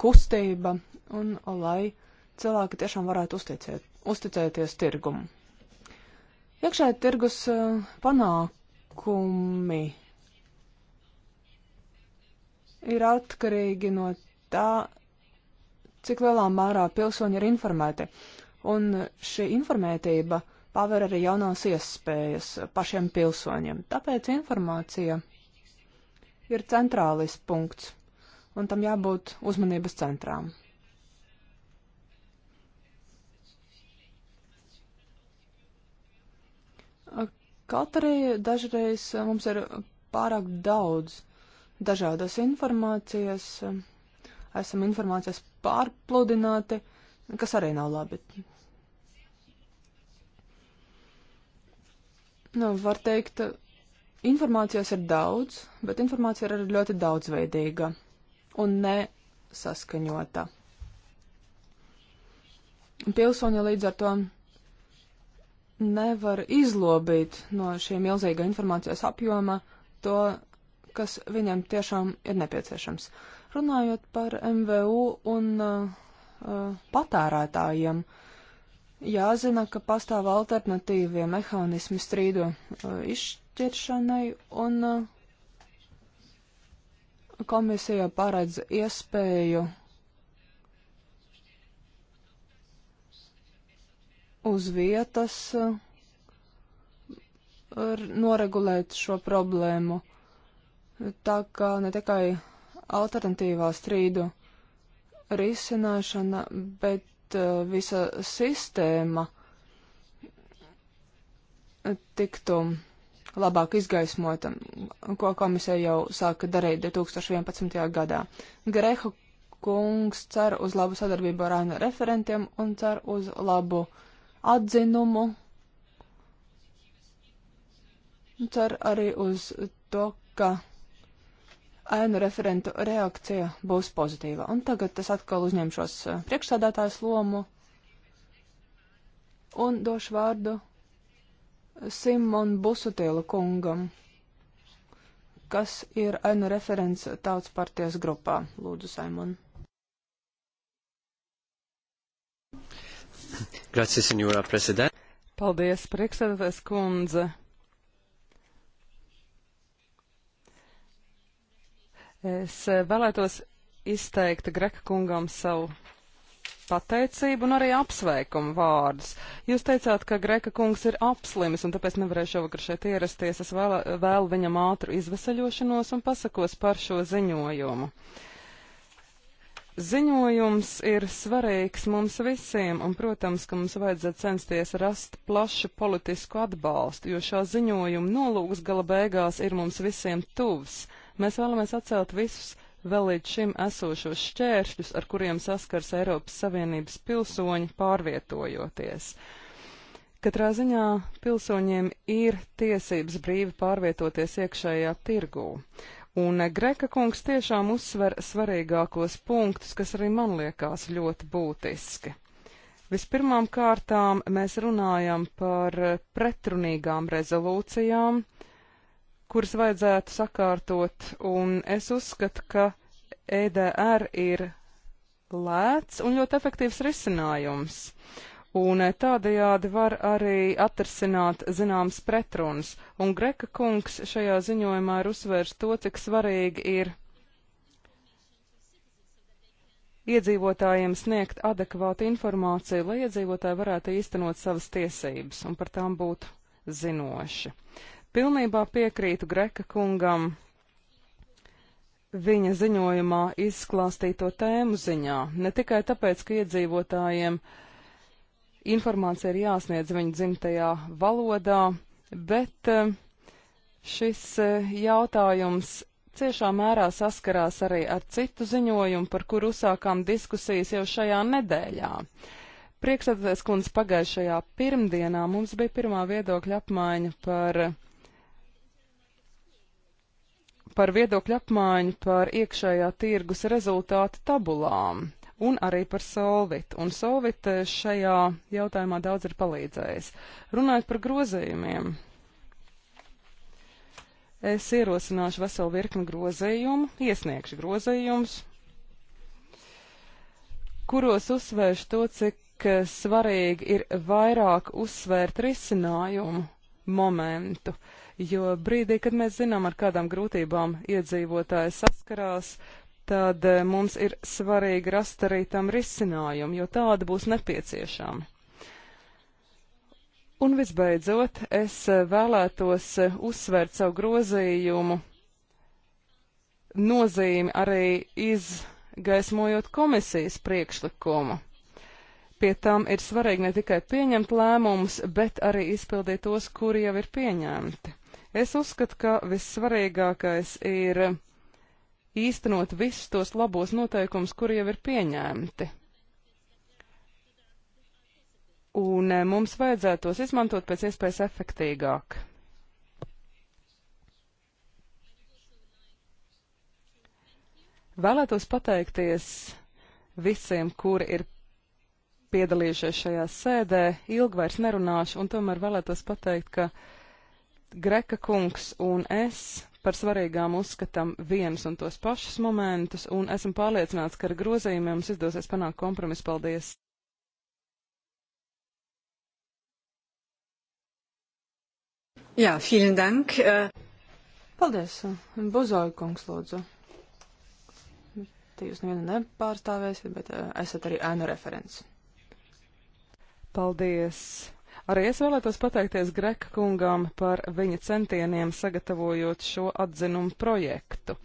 B: kustība un lai cilvēki tiešām varētu uzticēt, uzticēties tirgumu. Iekšēji tirgus panākumi ir atkarīgi no tā, cik lielā mērā pilsoņi ir informēti. Un šī informētība uh, paver arī jaunās iespējas pašiem pilsoņiem. Tāpēc informācija ir centrālis punkts, un tam jābūt uzmanības centrām. Kaut arī dažreiz mums ir pārāk daudz dažādas informācijas, esam informācijas pārpludināti, kas arī nav labi. Nu, var teikt, informācijas ir daudz, bet informācija ir arī ļoti daudzveidīga un nesaskaņota. Pilsoņi līdz ar to nevar izlobīt no šī milzīga informācijas apjoma to, kas viņiem tiešām ir nepieciešams. Runājot par MVU un uh, patērētājiem, uh, jāzina, ka pastāv alternatīvie mehānismi strīdu uh, izšķiršanai, un uh, komisija paredz iespēju uz vietas uh, noregulēt šo problēmu. Tā kā ne tikai alternatīvā strīdu risināšana, bet Eh, visa sistēma tiktu labāk izgaismota, ko komisija jau sāka darīt 2011. gadā. Greha kungs cer uz labu sadarbību ar ANU referentiem un cer uz labu atzinumu. Cer arī uz to, ka ēnu referentu reakcija būs pozitīva. Un tagad es atkal uzņemšos priekšsādātājs lomu un došu vārdu Simon Busutila kungam, kas ir ēnu referents tautas partijas grupā. Lūdzu, Simon.
A: Grazie, signora prezident.
C: Paldies, priekšsēdētājs kundze. Es vēlētos izteikt Greka kungam savu pateicību un arī apsveikumu vārdus. Jūs teicāt, ka Greka kungs ir apslimis un tāpēc nevarēju šovakar šeit ierasties. Es vēlu, vēlu viņam ātru izvesaļošanos un pasakos par šo ziņojumu. Ziņojums ir svarīgs mums visiem, un, protams, ka mums vajadzētu censties rast plašu politisku atbalstu, jo šā ziņojuma nolūks gala beigās ir mums visiem tuvs Mēs vēlamies atcelt visus vēl līdz šim esošos šķēršļus, ar kuriem saskars Eiropas Savienības pilsoņi pārvietojoties. Katrā ziņā pilsoņiem ir tiesības brīvi pārvietoties iekšējā tirgū. Un Greka kungs tiešām uzsver svarīgākos punktus, kas arī man liekas ļoti būtiski. Vispirmām kārtām mēs runājam par pretrunīgām rezolūcijām, uh, kuras vajadzētu sakārtot, un es uzskatu, ka EDR ir lēts un ļoti efektīvs risinājums. Un e, tādējādi var arī atrisināt zināmas pretrunas, un Greka kungs šajā ziņojumā ir uzsvērs to, cik svarīgi ir iedzīvotājiem sniegt adekvātu informāciju, lai iedzīvotāji varētu īstenot savas tiesības un par tām būtu zinoši. Pilnībā piekrītu Greka kungam viņa ziņojumā izklāstīto tēmu ziņā, ne tikai tāpēc, ka iedzīvotājiem informācija ir jāsniedz viņu dzimtajā valodā, bet eh, šis eh, jautājums ciešā mērā saskarās arī ar citu ziņojumu, par kuru uzsākām diskusijas jau šajā nedēļā. Priekšsēdētājs kundze pagājušajā pirmdienā mums bija pirmā viedokļa apmaiņa par uh, par viedokļu apmaiņu par iekšējā tirgus rezultātu tabulām un arī par Solvit. Un Solvit eh, šajā jautājumā daudz ir palīdzējis. Runājot par grozījumiem, es ierosināšu veselu virkni grozījumu, iesniegšu grozījumus, kuros uzsvēršu to, cik eh, svarīgi ir vairāk uzsvērt risinājumu momentu. Uh, jo brīdī, kad mēs zinām, ar kādām grūtībām iedzīvotāji saskarās, tad eh, mums ir svarīgi rast arī tam risinājumu, jo tāda būs nepieciešama. Un visbeidzot, es eh, vēlētos eh, uzsvērt savu grozījumu nozīmi arī izgaismojot komisijas priekšlikumu. Pie tam ir svarīgi ne tikai pieņemt lēmumus, bet arī izpildīt tos, kuri jau ir pieņemti. Es uzskatu, ka vissvarīgākais ir īstenot visus tos labos noteikumus, kuri jau ir pieņemti. Un eh, mums vajadzētu tos izmantot pēc iespējas efektīgāk. Vēlētos pateikties visiem, kuri ir piedalījušies šajā sēdē. Ilgi vairs nerunāšu, un tomēr vēlētos pateikt, ka Greka kungs un es par svarīgām uzskatām vienus un tos pašus momentus, un esam pārliecināts, ka ar grozījumiem mums izdosies panākt kompromisu. Paldies!
B: Jā, vielen dank. Eh. Paldies, Buzoja kungs, lūdzu. Te jūs nevienu nepārstāvēsiet, bet eh, esat arī ēnu referents.
C: Paldies! Arī es vēlētos pateikties Greka kungām par viņa centieniem sagatavojot šo atzinumu projektu.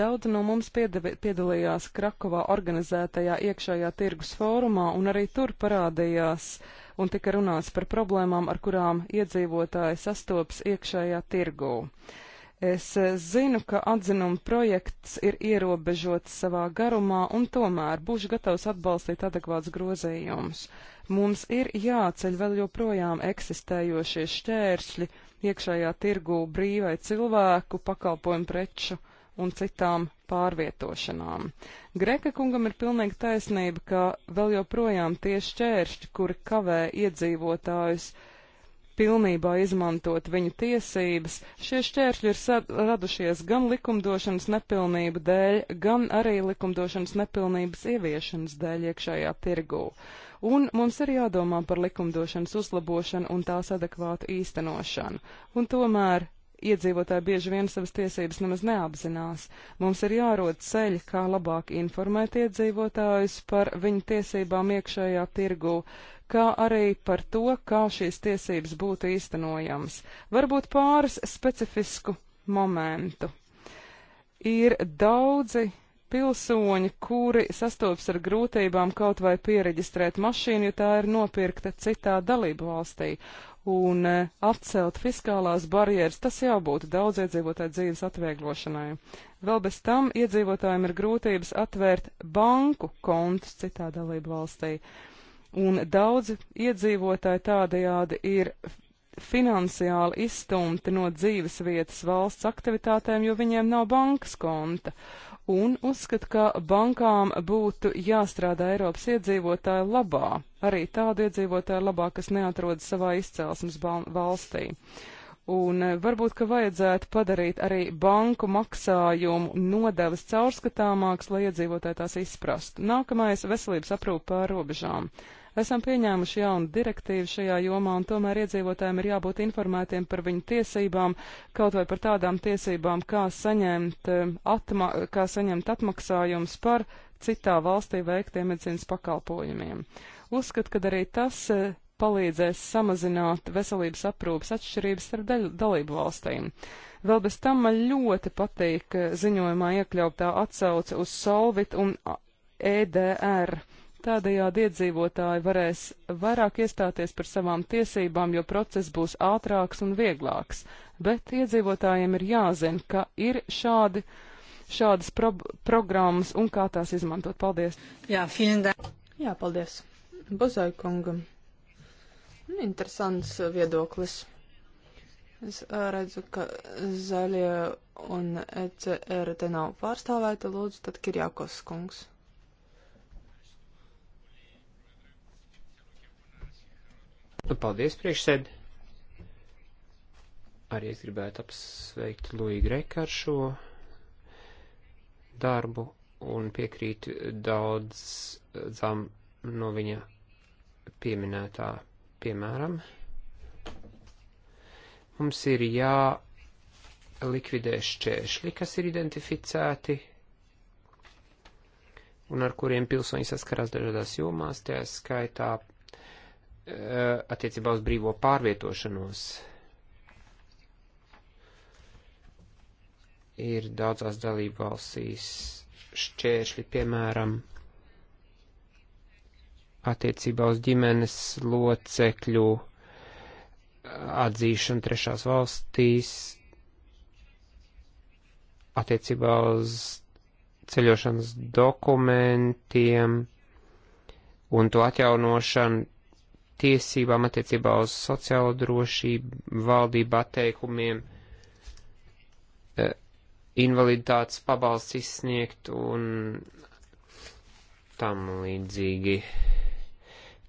C: Daudz no mums piedalījās Krakovā organizētajā iekšējā tirgus fórumā, un arī tur parādījās un tika runāts par problēmām, ar kurām iedzīvotāji sastopas iekšējā tirgū. Es eh, zinu, ka atzinuma projekts ir ierobežots savā garumā, un tomēr būšu gatavs atbalstīt adekvāts grozījumus. Mums ir jāceļ vēl joprojām eksistējošie šķēršļi iekšējā tirgu brīvai cilvēku, pakalpojumu preču un citām pārvietošanām. Greka kungam ir pilnīgi taisnība, ka vēl joprojām tie šķēršļi, kuri kavē iedzīvotājus pilnībā izmantot viņu tiesības, šie šķēršļi ir radušies gan likumdošanas nepilnību dēļ, gan arī likumdošanas nepilnības ieviešanas dēļ iekšējā tirgū. Un mums ir jādomā par likumdošanas uzlabošanu un tās adekvātu īstenošanu. Un tomēr iedzīvotāji bieži vien savas tiesības nemaz neapzinās. Mums ir jārod ceļi, kā labāk informēt iedzīvotājus par viņu tiesībām iekšējā tirgū, kā arī par to, kā šīs tiesības būtu īstenojamas. Varbūt pāris specifisku momentu. Ir daudzi pilsoņi, kuri sastopas ar grūtībām kaut vai piereģistrēt mašīnu, jo tā ir nopirkta citā dalību valstī. Un e, atcelt fiskālās barjeras, tas jau būtu daudz iedzīvotāju dzīves atvieglošanai. Vēl bez tam iedzīvotājiem ir grūtības atvērt banku kontus citā dalību valstī. Un daudzi iedzīvotāji tādajādi ir finansiāli izstumti no dzīves vietas valsts aktivitātēm, jo viņiem nav bankas konta un uzskata, ka bankām būtu jāstrādā Eiropas iedzīvotāju labā, arī tādu iedzīvotāju labā, kas neatrodas savā izcelsmes valstī. Un eh, varbūt, ka vajadzētu padarīt arī banku maksājumu nodevas caurskatāmāks, lai iedzīvotāji tās izprastu. Nākamais - veselības aprūpa pār robežām. Esam pieņēmuši jaunu direktīvu šajā jomā, un tomēr iedzīvotājiem ir jābūt informētiem par viņu tiesībām, kaut vai par tādām tiesībām, kā saņemt, eh, atma kā saņemt atmaksājums par citā valstī veiktiem medicīnas pakalpojumiem. Uzskat, ka arī tas eh, palīdzēs samazināt veselības aprūpas atšķirības starp dalību valstīm. Vēl bez tam man ļoti patīk eh, ziņojumā iekļautā atsauce uz Solvit un EDR. Tādējādi iedzīvotāji varēs vairāk iestāties par savām tiesībām, jo process būs ātrāks un vieglāks. Bet iedzīvotājiem ir jāzina, ka ir šādi šādas pro programmas un kā tās izmantot. Paldies! Jā, fiendā. Jā, paldies! Bozai kungam.
B: Nu, interesants viedoklis. Es redzu, ka zaļie un ECR te nav pārstāvēti, lūdzu, tad Kirjākos kungs.
A: Nu, paldies, priekšsēd. Arī es gribētu apsveikt Luiju Greku ar šo darbu un piekrītu daudzām no viņa pieminētā piemēram. Mums ir jālikvidē šķēršļi, kas ir identificēti un ar kuriem pilsoņi saskarās dažādās jomās, tā skaitā Eh, attiecībā uz brīvo pārvietošanos. Ir daudzās dalībvalstīs šķēršļi, piemēram, attiecībā uz ģimenes locekļu atzīšanu trešās valstīs, attiecībā uz ceļošanas dokumentiem un to atjaunošanu tiesībām attiecībā uz sociālo drošību, valdību atteikumiem, eh, invaliditātes pabalsts izsniegt un tam līdzīgi,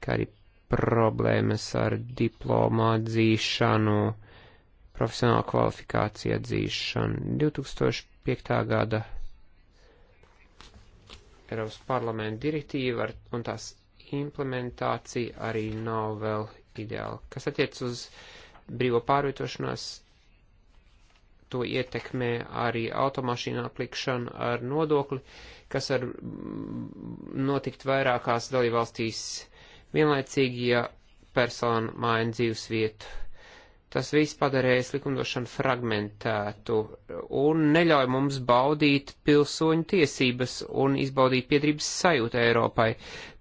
A: kā arī problēmas ar diplomā dzīšanu, profesionālu kvalifikāciju atzīšanu. 2005. gada Eiropas parlamenta direktīva un tās implementācija arī nav vēl ideāla. Kas attiec uz brīvo pārvietošanās, to ietekmē arī automašīnā aplikšana ar nodokli, kas var notikt vairākās dalībvalstīs vienlaicīgi, ja persona maina dzīves vietu. Tas viss padarējas likumdošanu fragmentētu un neļauj mums baudīt pilsoņu tiesības un izbaudīt piedrības sajūtu Eiropai,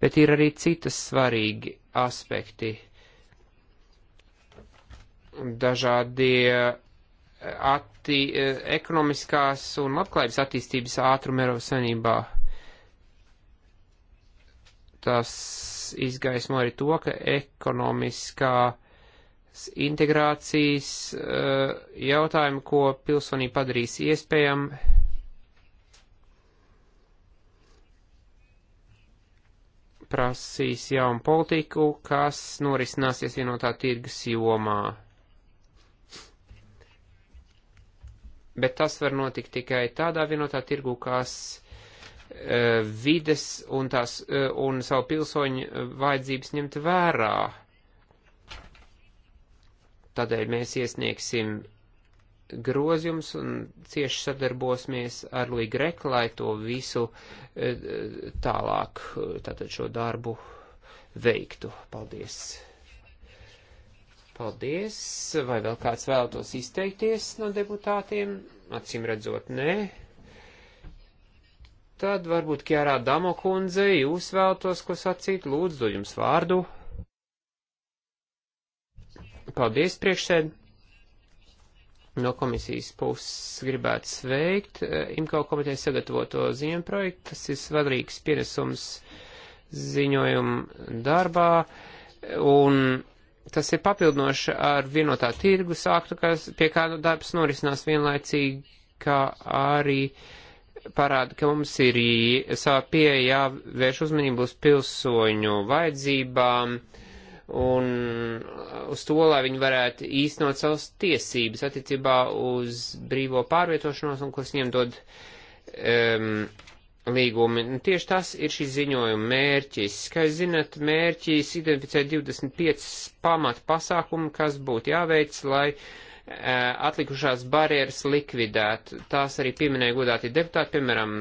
A: bet ir arī citas svarīgi aspekti. Dažādie eh, atti, eh, ekonomiskās un labklājības attīstības ātrumi Eiropas Savienībā. Tas izgaismo arī to, ka ekonomiskā integrācijas eh, jautājumu, ko pilsonība padarīs iespējam. Prasīs jaunu politiku, kas norisināsies vienotā tirgus jomā. Bet tas var notikt tikai tādā vienotā tirgu, kas uh, vides un, tās, uh, un savu pilsoņu vajadzības ņemt vērā. Uh, Tādēļ mēs iesniegsim grozījums un cieši sadarbosimies ar Ligrek, lai to visu e, tālāk, e, tātad šo darbu veiktu. Paldies! Paldies! Vai vēl kāds vēlētos izteikties no deputātiem? Acīm redzot, nē. Tad varbūt Kjārā Damo kundze, jūs vēlētos ko sacīt, lūdzu jums vārdu. Paldies, priekšsēd. No komisijas puses gribētu sveikt eh, IMCO komitejas sagatavoto ziņojumu projektu. Tas ir svarīgs pienesums ziņojumu darbā, un tas ir papildinoši ar vienotā tirgu sāktu, kas pie kāda darbs norisinās vienlaicīgi, kā arī parāda, ka mums ir savā pieeja jāvērš uzmanību uz pilsoņu vajadzībām. Uh, un uz to, lai viņi varētu īstenot savas tiesības attiecībā uz brīvo pārvietošanos un kuras viņiem dod um, līgumi. Un tieši tas ir šī ziņojuma mērķis. Kā jūs zinat, mērķis identificē 25 pamata pasākumu, kas būtu jāveic, lai uh, atlikušās barjeras likvidēt. Tās arī pieminēja godāti deputāti, piemēram,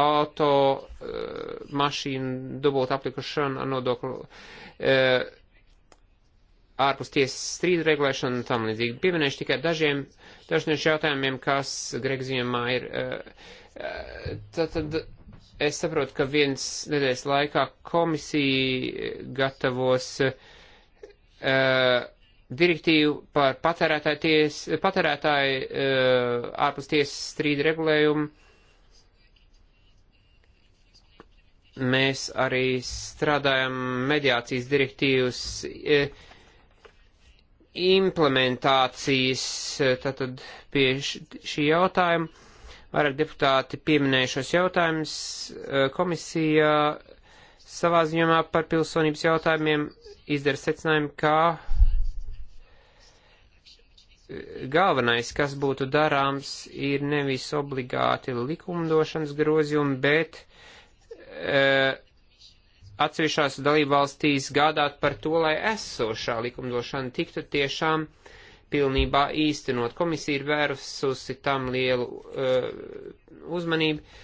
A: auto, uh, mašīnu dubulta aplikušana, nodokļu. Uh, ārpus tiesas strīdu regulēšanu un tam līdzīgi. Pieminēšu tikai dažiem, dažiem jautājumiem, kas Gregzījumā ir. Eh, eh, tad, tad es saprotu, ka viens nedēļas laikā komisija gatavos eh, direktīvu par patērētāju, ties, patērētāju ārpus tiesas strīdu regulējumu. Mēs arī strādājam mediācijas direktīvas implementācijas eh, tātad pie šī jautājuma. Vairāk deputāti pieminējušos jautājumus. Eh, komisija savā ziņā par pilsonības jautājumiem izdara secinājumu, kā eh, galvenais, kas būtu darāms, ir nevis obligāti likumdošanas grozījumi, bet uh, atsevišķās dalībvalstīs gādāt par to, lai esošā likumdošana tiktu tiešām pilnībā īstenot. Komisija ir vērsusi tam lielu uh, uzmanību.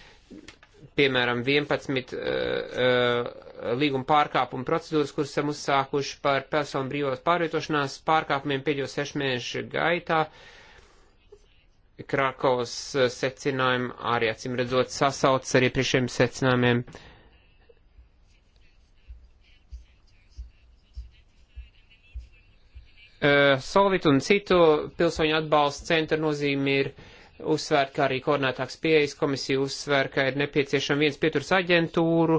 A: Piemēram, 11 uh, uh, līguma pārkāpuma procedūras, kuras esam uzsākuši par personu brīvos pārvietošanās pārkāpumiem pēdējo sešu mēnešu gaitā. Krakovas uh, secinājumi arī acīm redzot sasaucas ar iepriekšējiem secinājumiem. Uh, Solvit un citu pilsoņu atbalsta centra nozīme ir uzsvērt, kā arī koordinētāks pieejas komisija uzsvēr, ka ir nepieciešama viens pieturs aģentūru,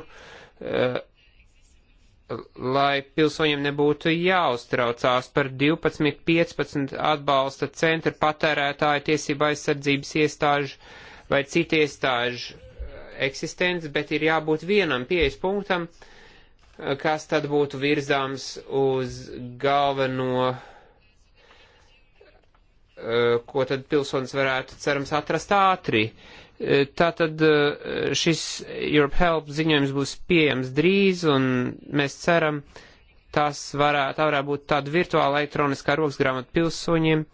A: lai pilsoņiem nebūtu jāuztraucās par 12-15 atbalsta centra patērētāju tiesību aizsardzības iestāžu vai citu iestāžu eksistenci, bet ir jābūt vienam pieejas punktam, kas tad būtu virzāms uz galveno uh, Eh, ko tad pilsonis varētu, cerams, atrast ātri. Eh, Tātad eh, šis Europe Help ziņojums būs pieejams drīz, un mēs ceram, tas varētu, tā varētu būt tāda virtuāla elektroniskā rokasgrāmata pilsoņiem,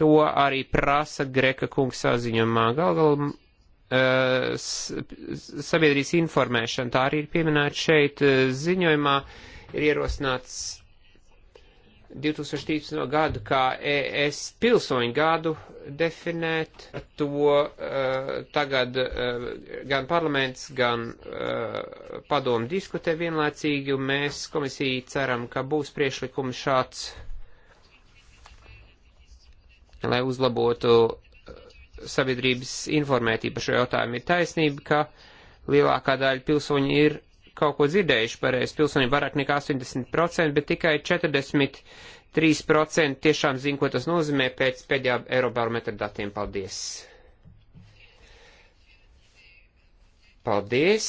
A: ko arī prasa Greka kungs saziņumā. Gal galā sabiedrības informēšana, tā arī ir pieminēta šeit ziņojumā, ir ierosināts 2013. gadu kā ES pilsoņu gadu definēt. To uh, tagad uh, gan parlaments, gan uh, padomu diskutē vienlaicīgi, un mēs komisiju ceram, ka būs priešlikums šāds, lai uzlabotu sabiedrības informētību par šo jautājumu. Ir taisnība, ka lielākā daļa pilsoņu ir kaut ko dzirdējuši par es pilsonību vairāk nekā 80%, bet tikai 43% tiešām zina, ko tas nozīmē pēc pēdējā Eirobarometra datiem. Paldies! Paldies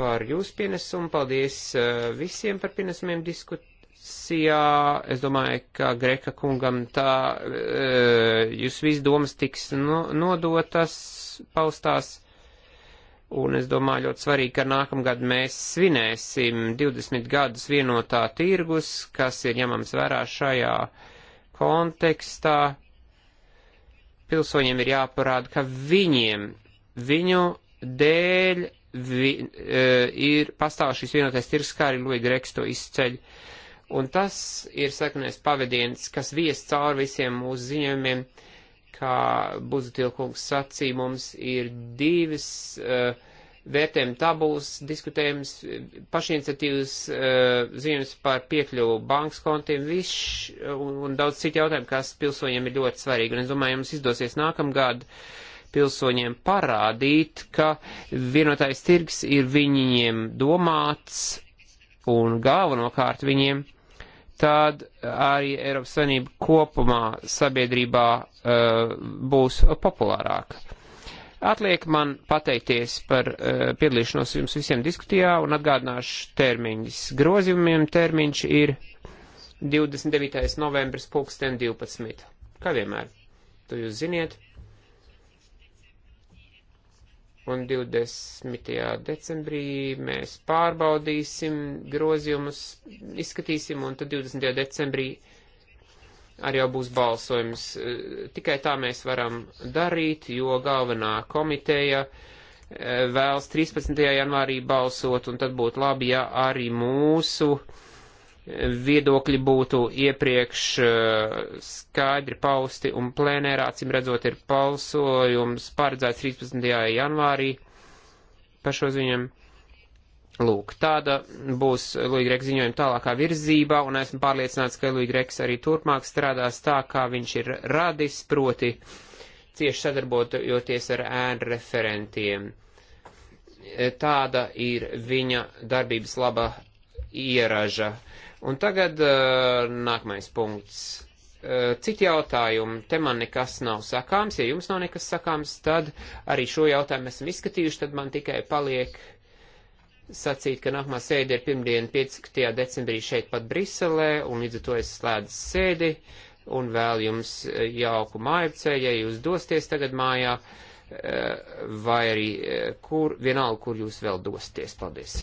A: par jūsu pienesumu, paldies eh, visiem par pienesumiem diskutēt diskusijā, es domāju, ka Greka kungam tā, eh, jūs viss domas tiks nodotas, paustās. Un es domāju ļoti svarīgi, ka nākamgad mēs svinēsim 20 gadus vienotā tirgus, kas ir ņemams vērā šajā kontekstā. Pilsoņiem ir jāparāda, ka viņiem, viņu dēļ vi, e, ir pastāv šis vienotais tirgus, kā arī Lūija Greks to izceļ. Un tas ir saknēs pavadiens, kas vies cauri visiem mūsu ziņojumiem. E, kā Buzatilkungs sacīja, mums ir divas uh, eh, vērtējuma tabulas diskutējums, pašiniciatīvas uh, ziņas par piekļuvu bankas kontiem, viss eh, un, un daudz citu jautājumu, kas pilsoņiem ir ļoti svarīgi. Un es domāju, jums izdosies nākamgad pilsoņiem parādīt, ka vienotais tirgs ir viņiem domāts un galvenokārt viņiem tad arī Eiropas Savienība kopumā sabiedrībā uh, būs populārāka. Atliek man pateikties par uh, piedalīšanos jums visiem diskutijā un atgādināšu termiņus. Grozījumiem termiņš ir 29. novembris pulksten 12. Kā vienmēr, to jūs ziniet un 20. decembrī mēs pārbaudīsim grozījumus, izskatīsim, un tad 20. decembrī arī jau būs balsojums. Eh, tikai tā mēs varam darīt, jo galvenā komiteja eh, vēlas 13. janvārī balsot, un tad būtu labi, ja arī mūsu uh, viedokļi būtu iepriekš eh, skaidri pausti un plēnērā, cim redzot, ir balsojums paredzēts 13. janvārī par šo ziņojumu. Lūk, tāda būs Luija Greks ziņojuma tālākā virzībā, un esmu pārliecināts, ka Luija Greks arī turpmāk strādās tā, kā viņš ir radis, proti cieši sadarbojoties ar ēnu referentiem. Tāda ir viņa darbības laba ieraža. Uh, Un tagad uh, nākamais punkts. Uh, citi jautājumi, te man nekas nav sakāms, ja jums nav nekas sakāms, tad arī šo jautājumu esam izskatījuši, tad man tikai paliek sacīt, ka nākamā sēde ir pirmdien 5. decembrī šeit pat Briselē, un līdz ar to es slēdzu sēdi, un vēl jums eh, jauku mājapceļu, ja jūs dosties tagad mājā, vai arī kur, vienalga, kur jūs vēl dosties. Paldies!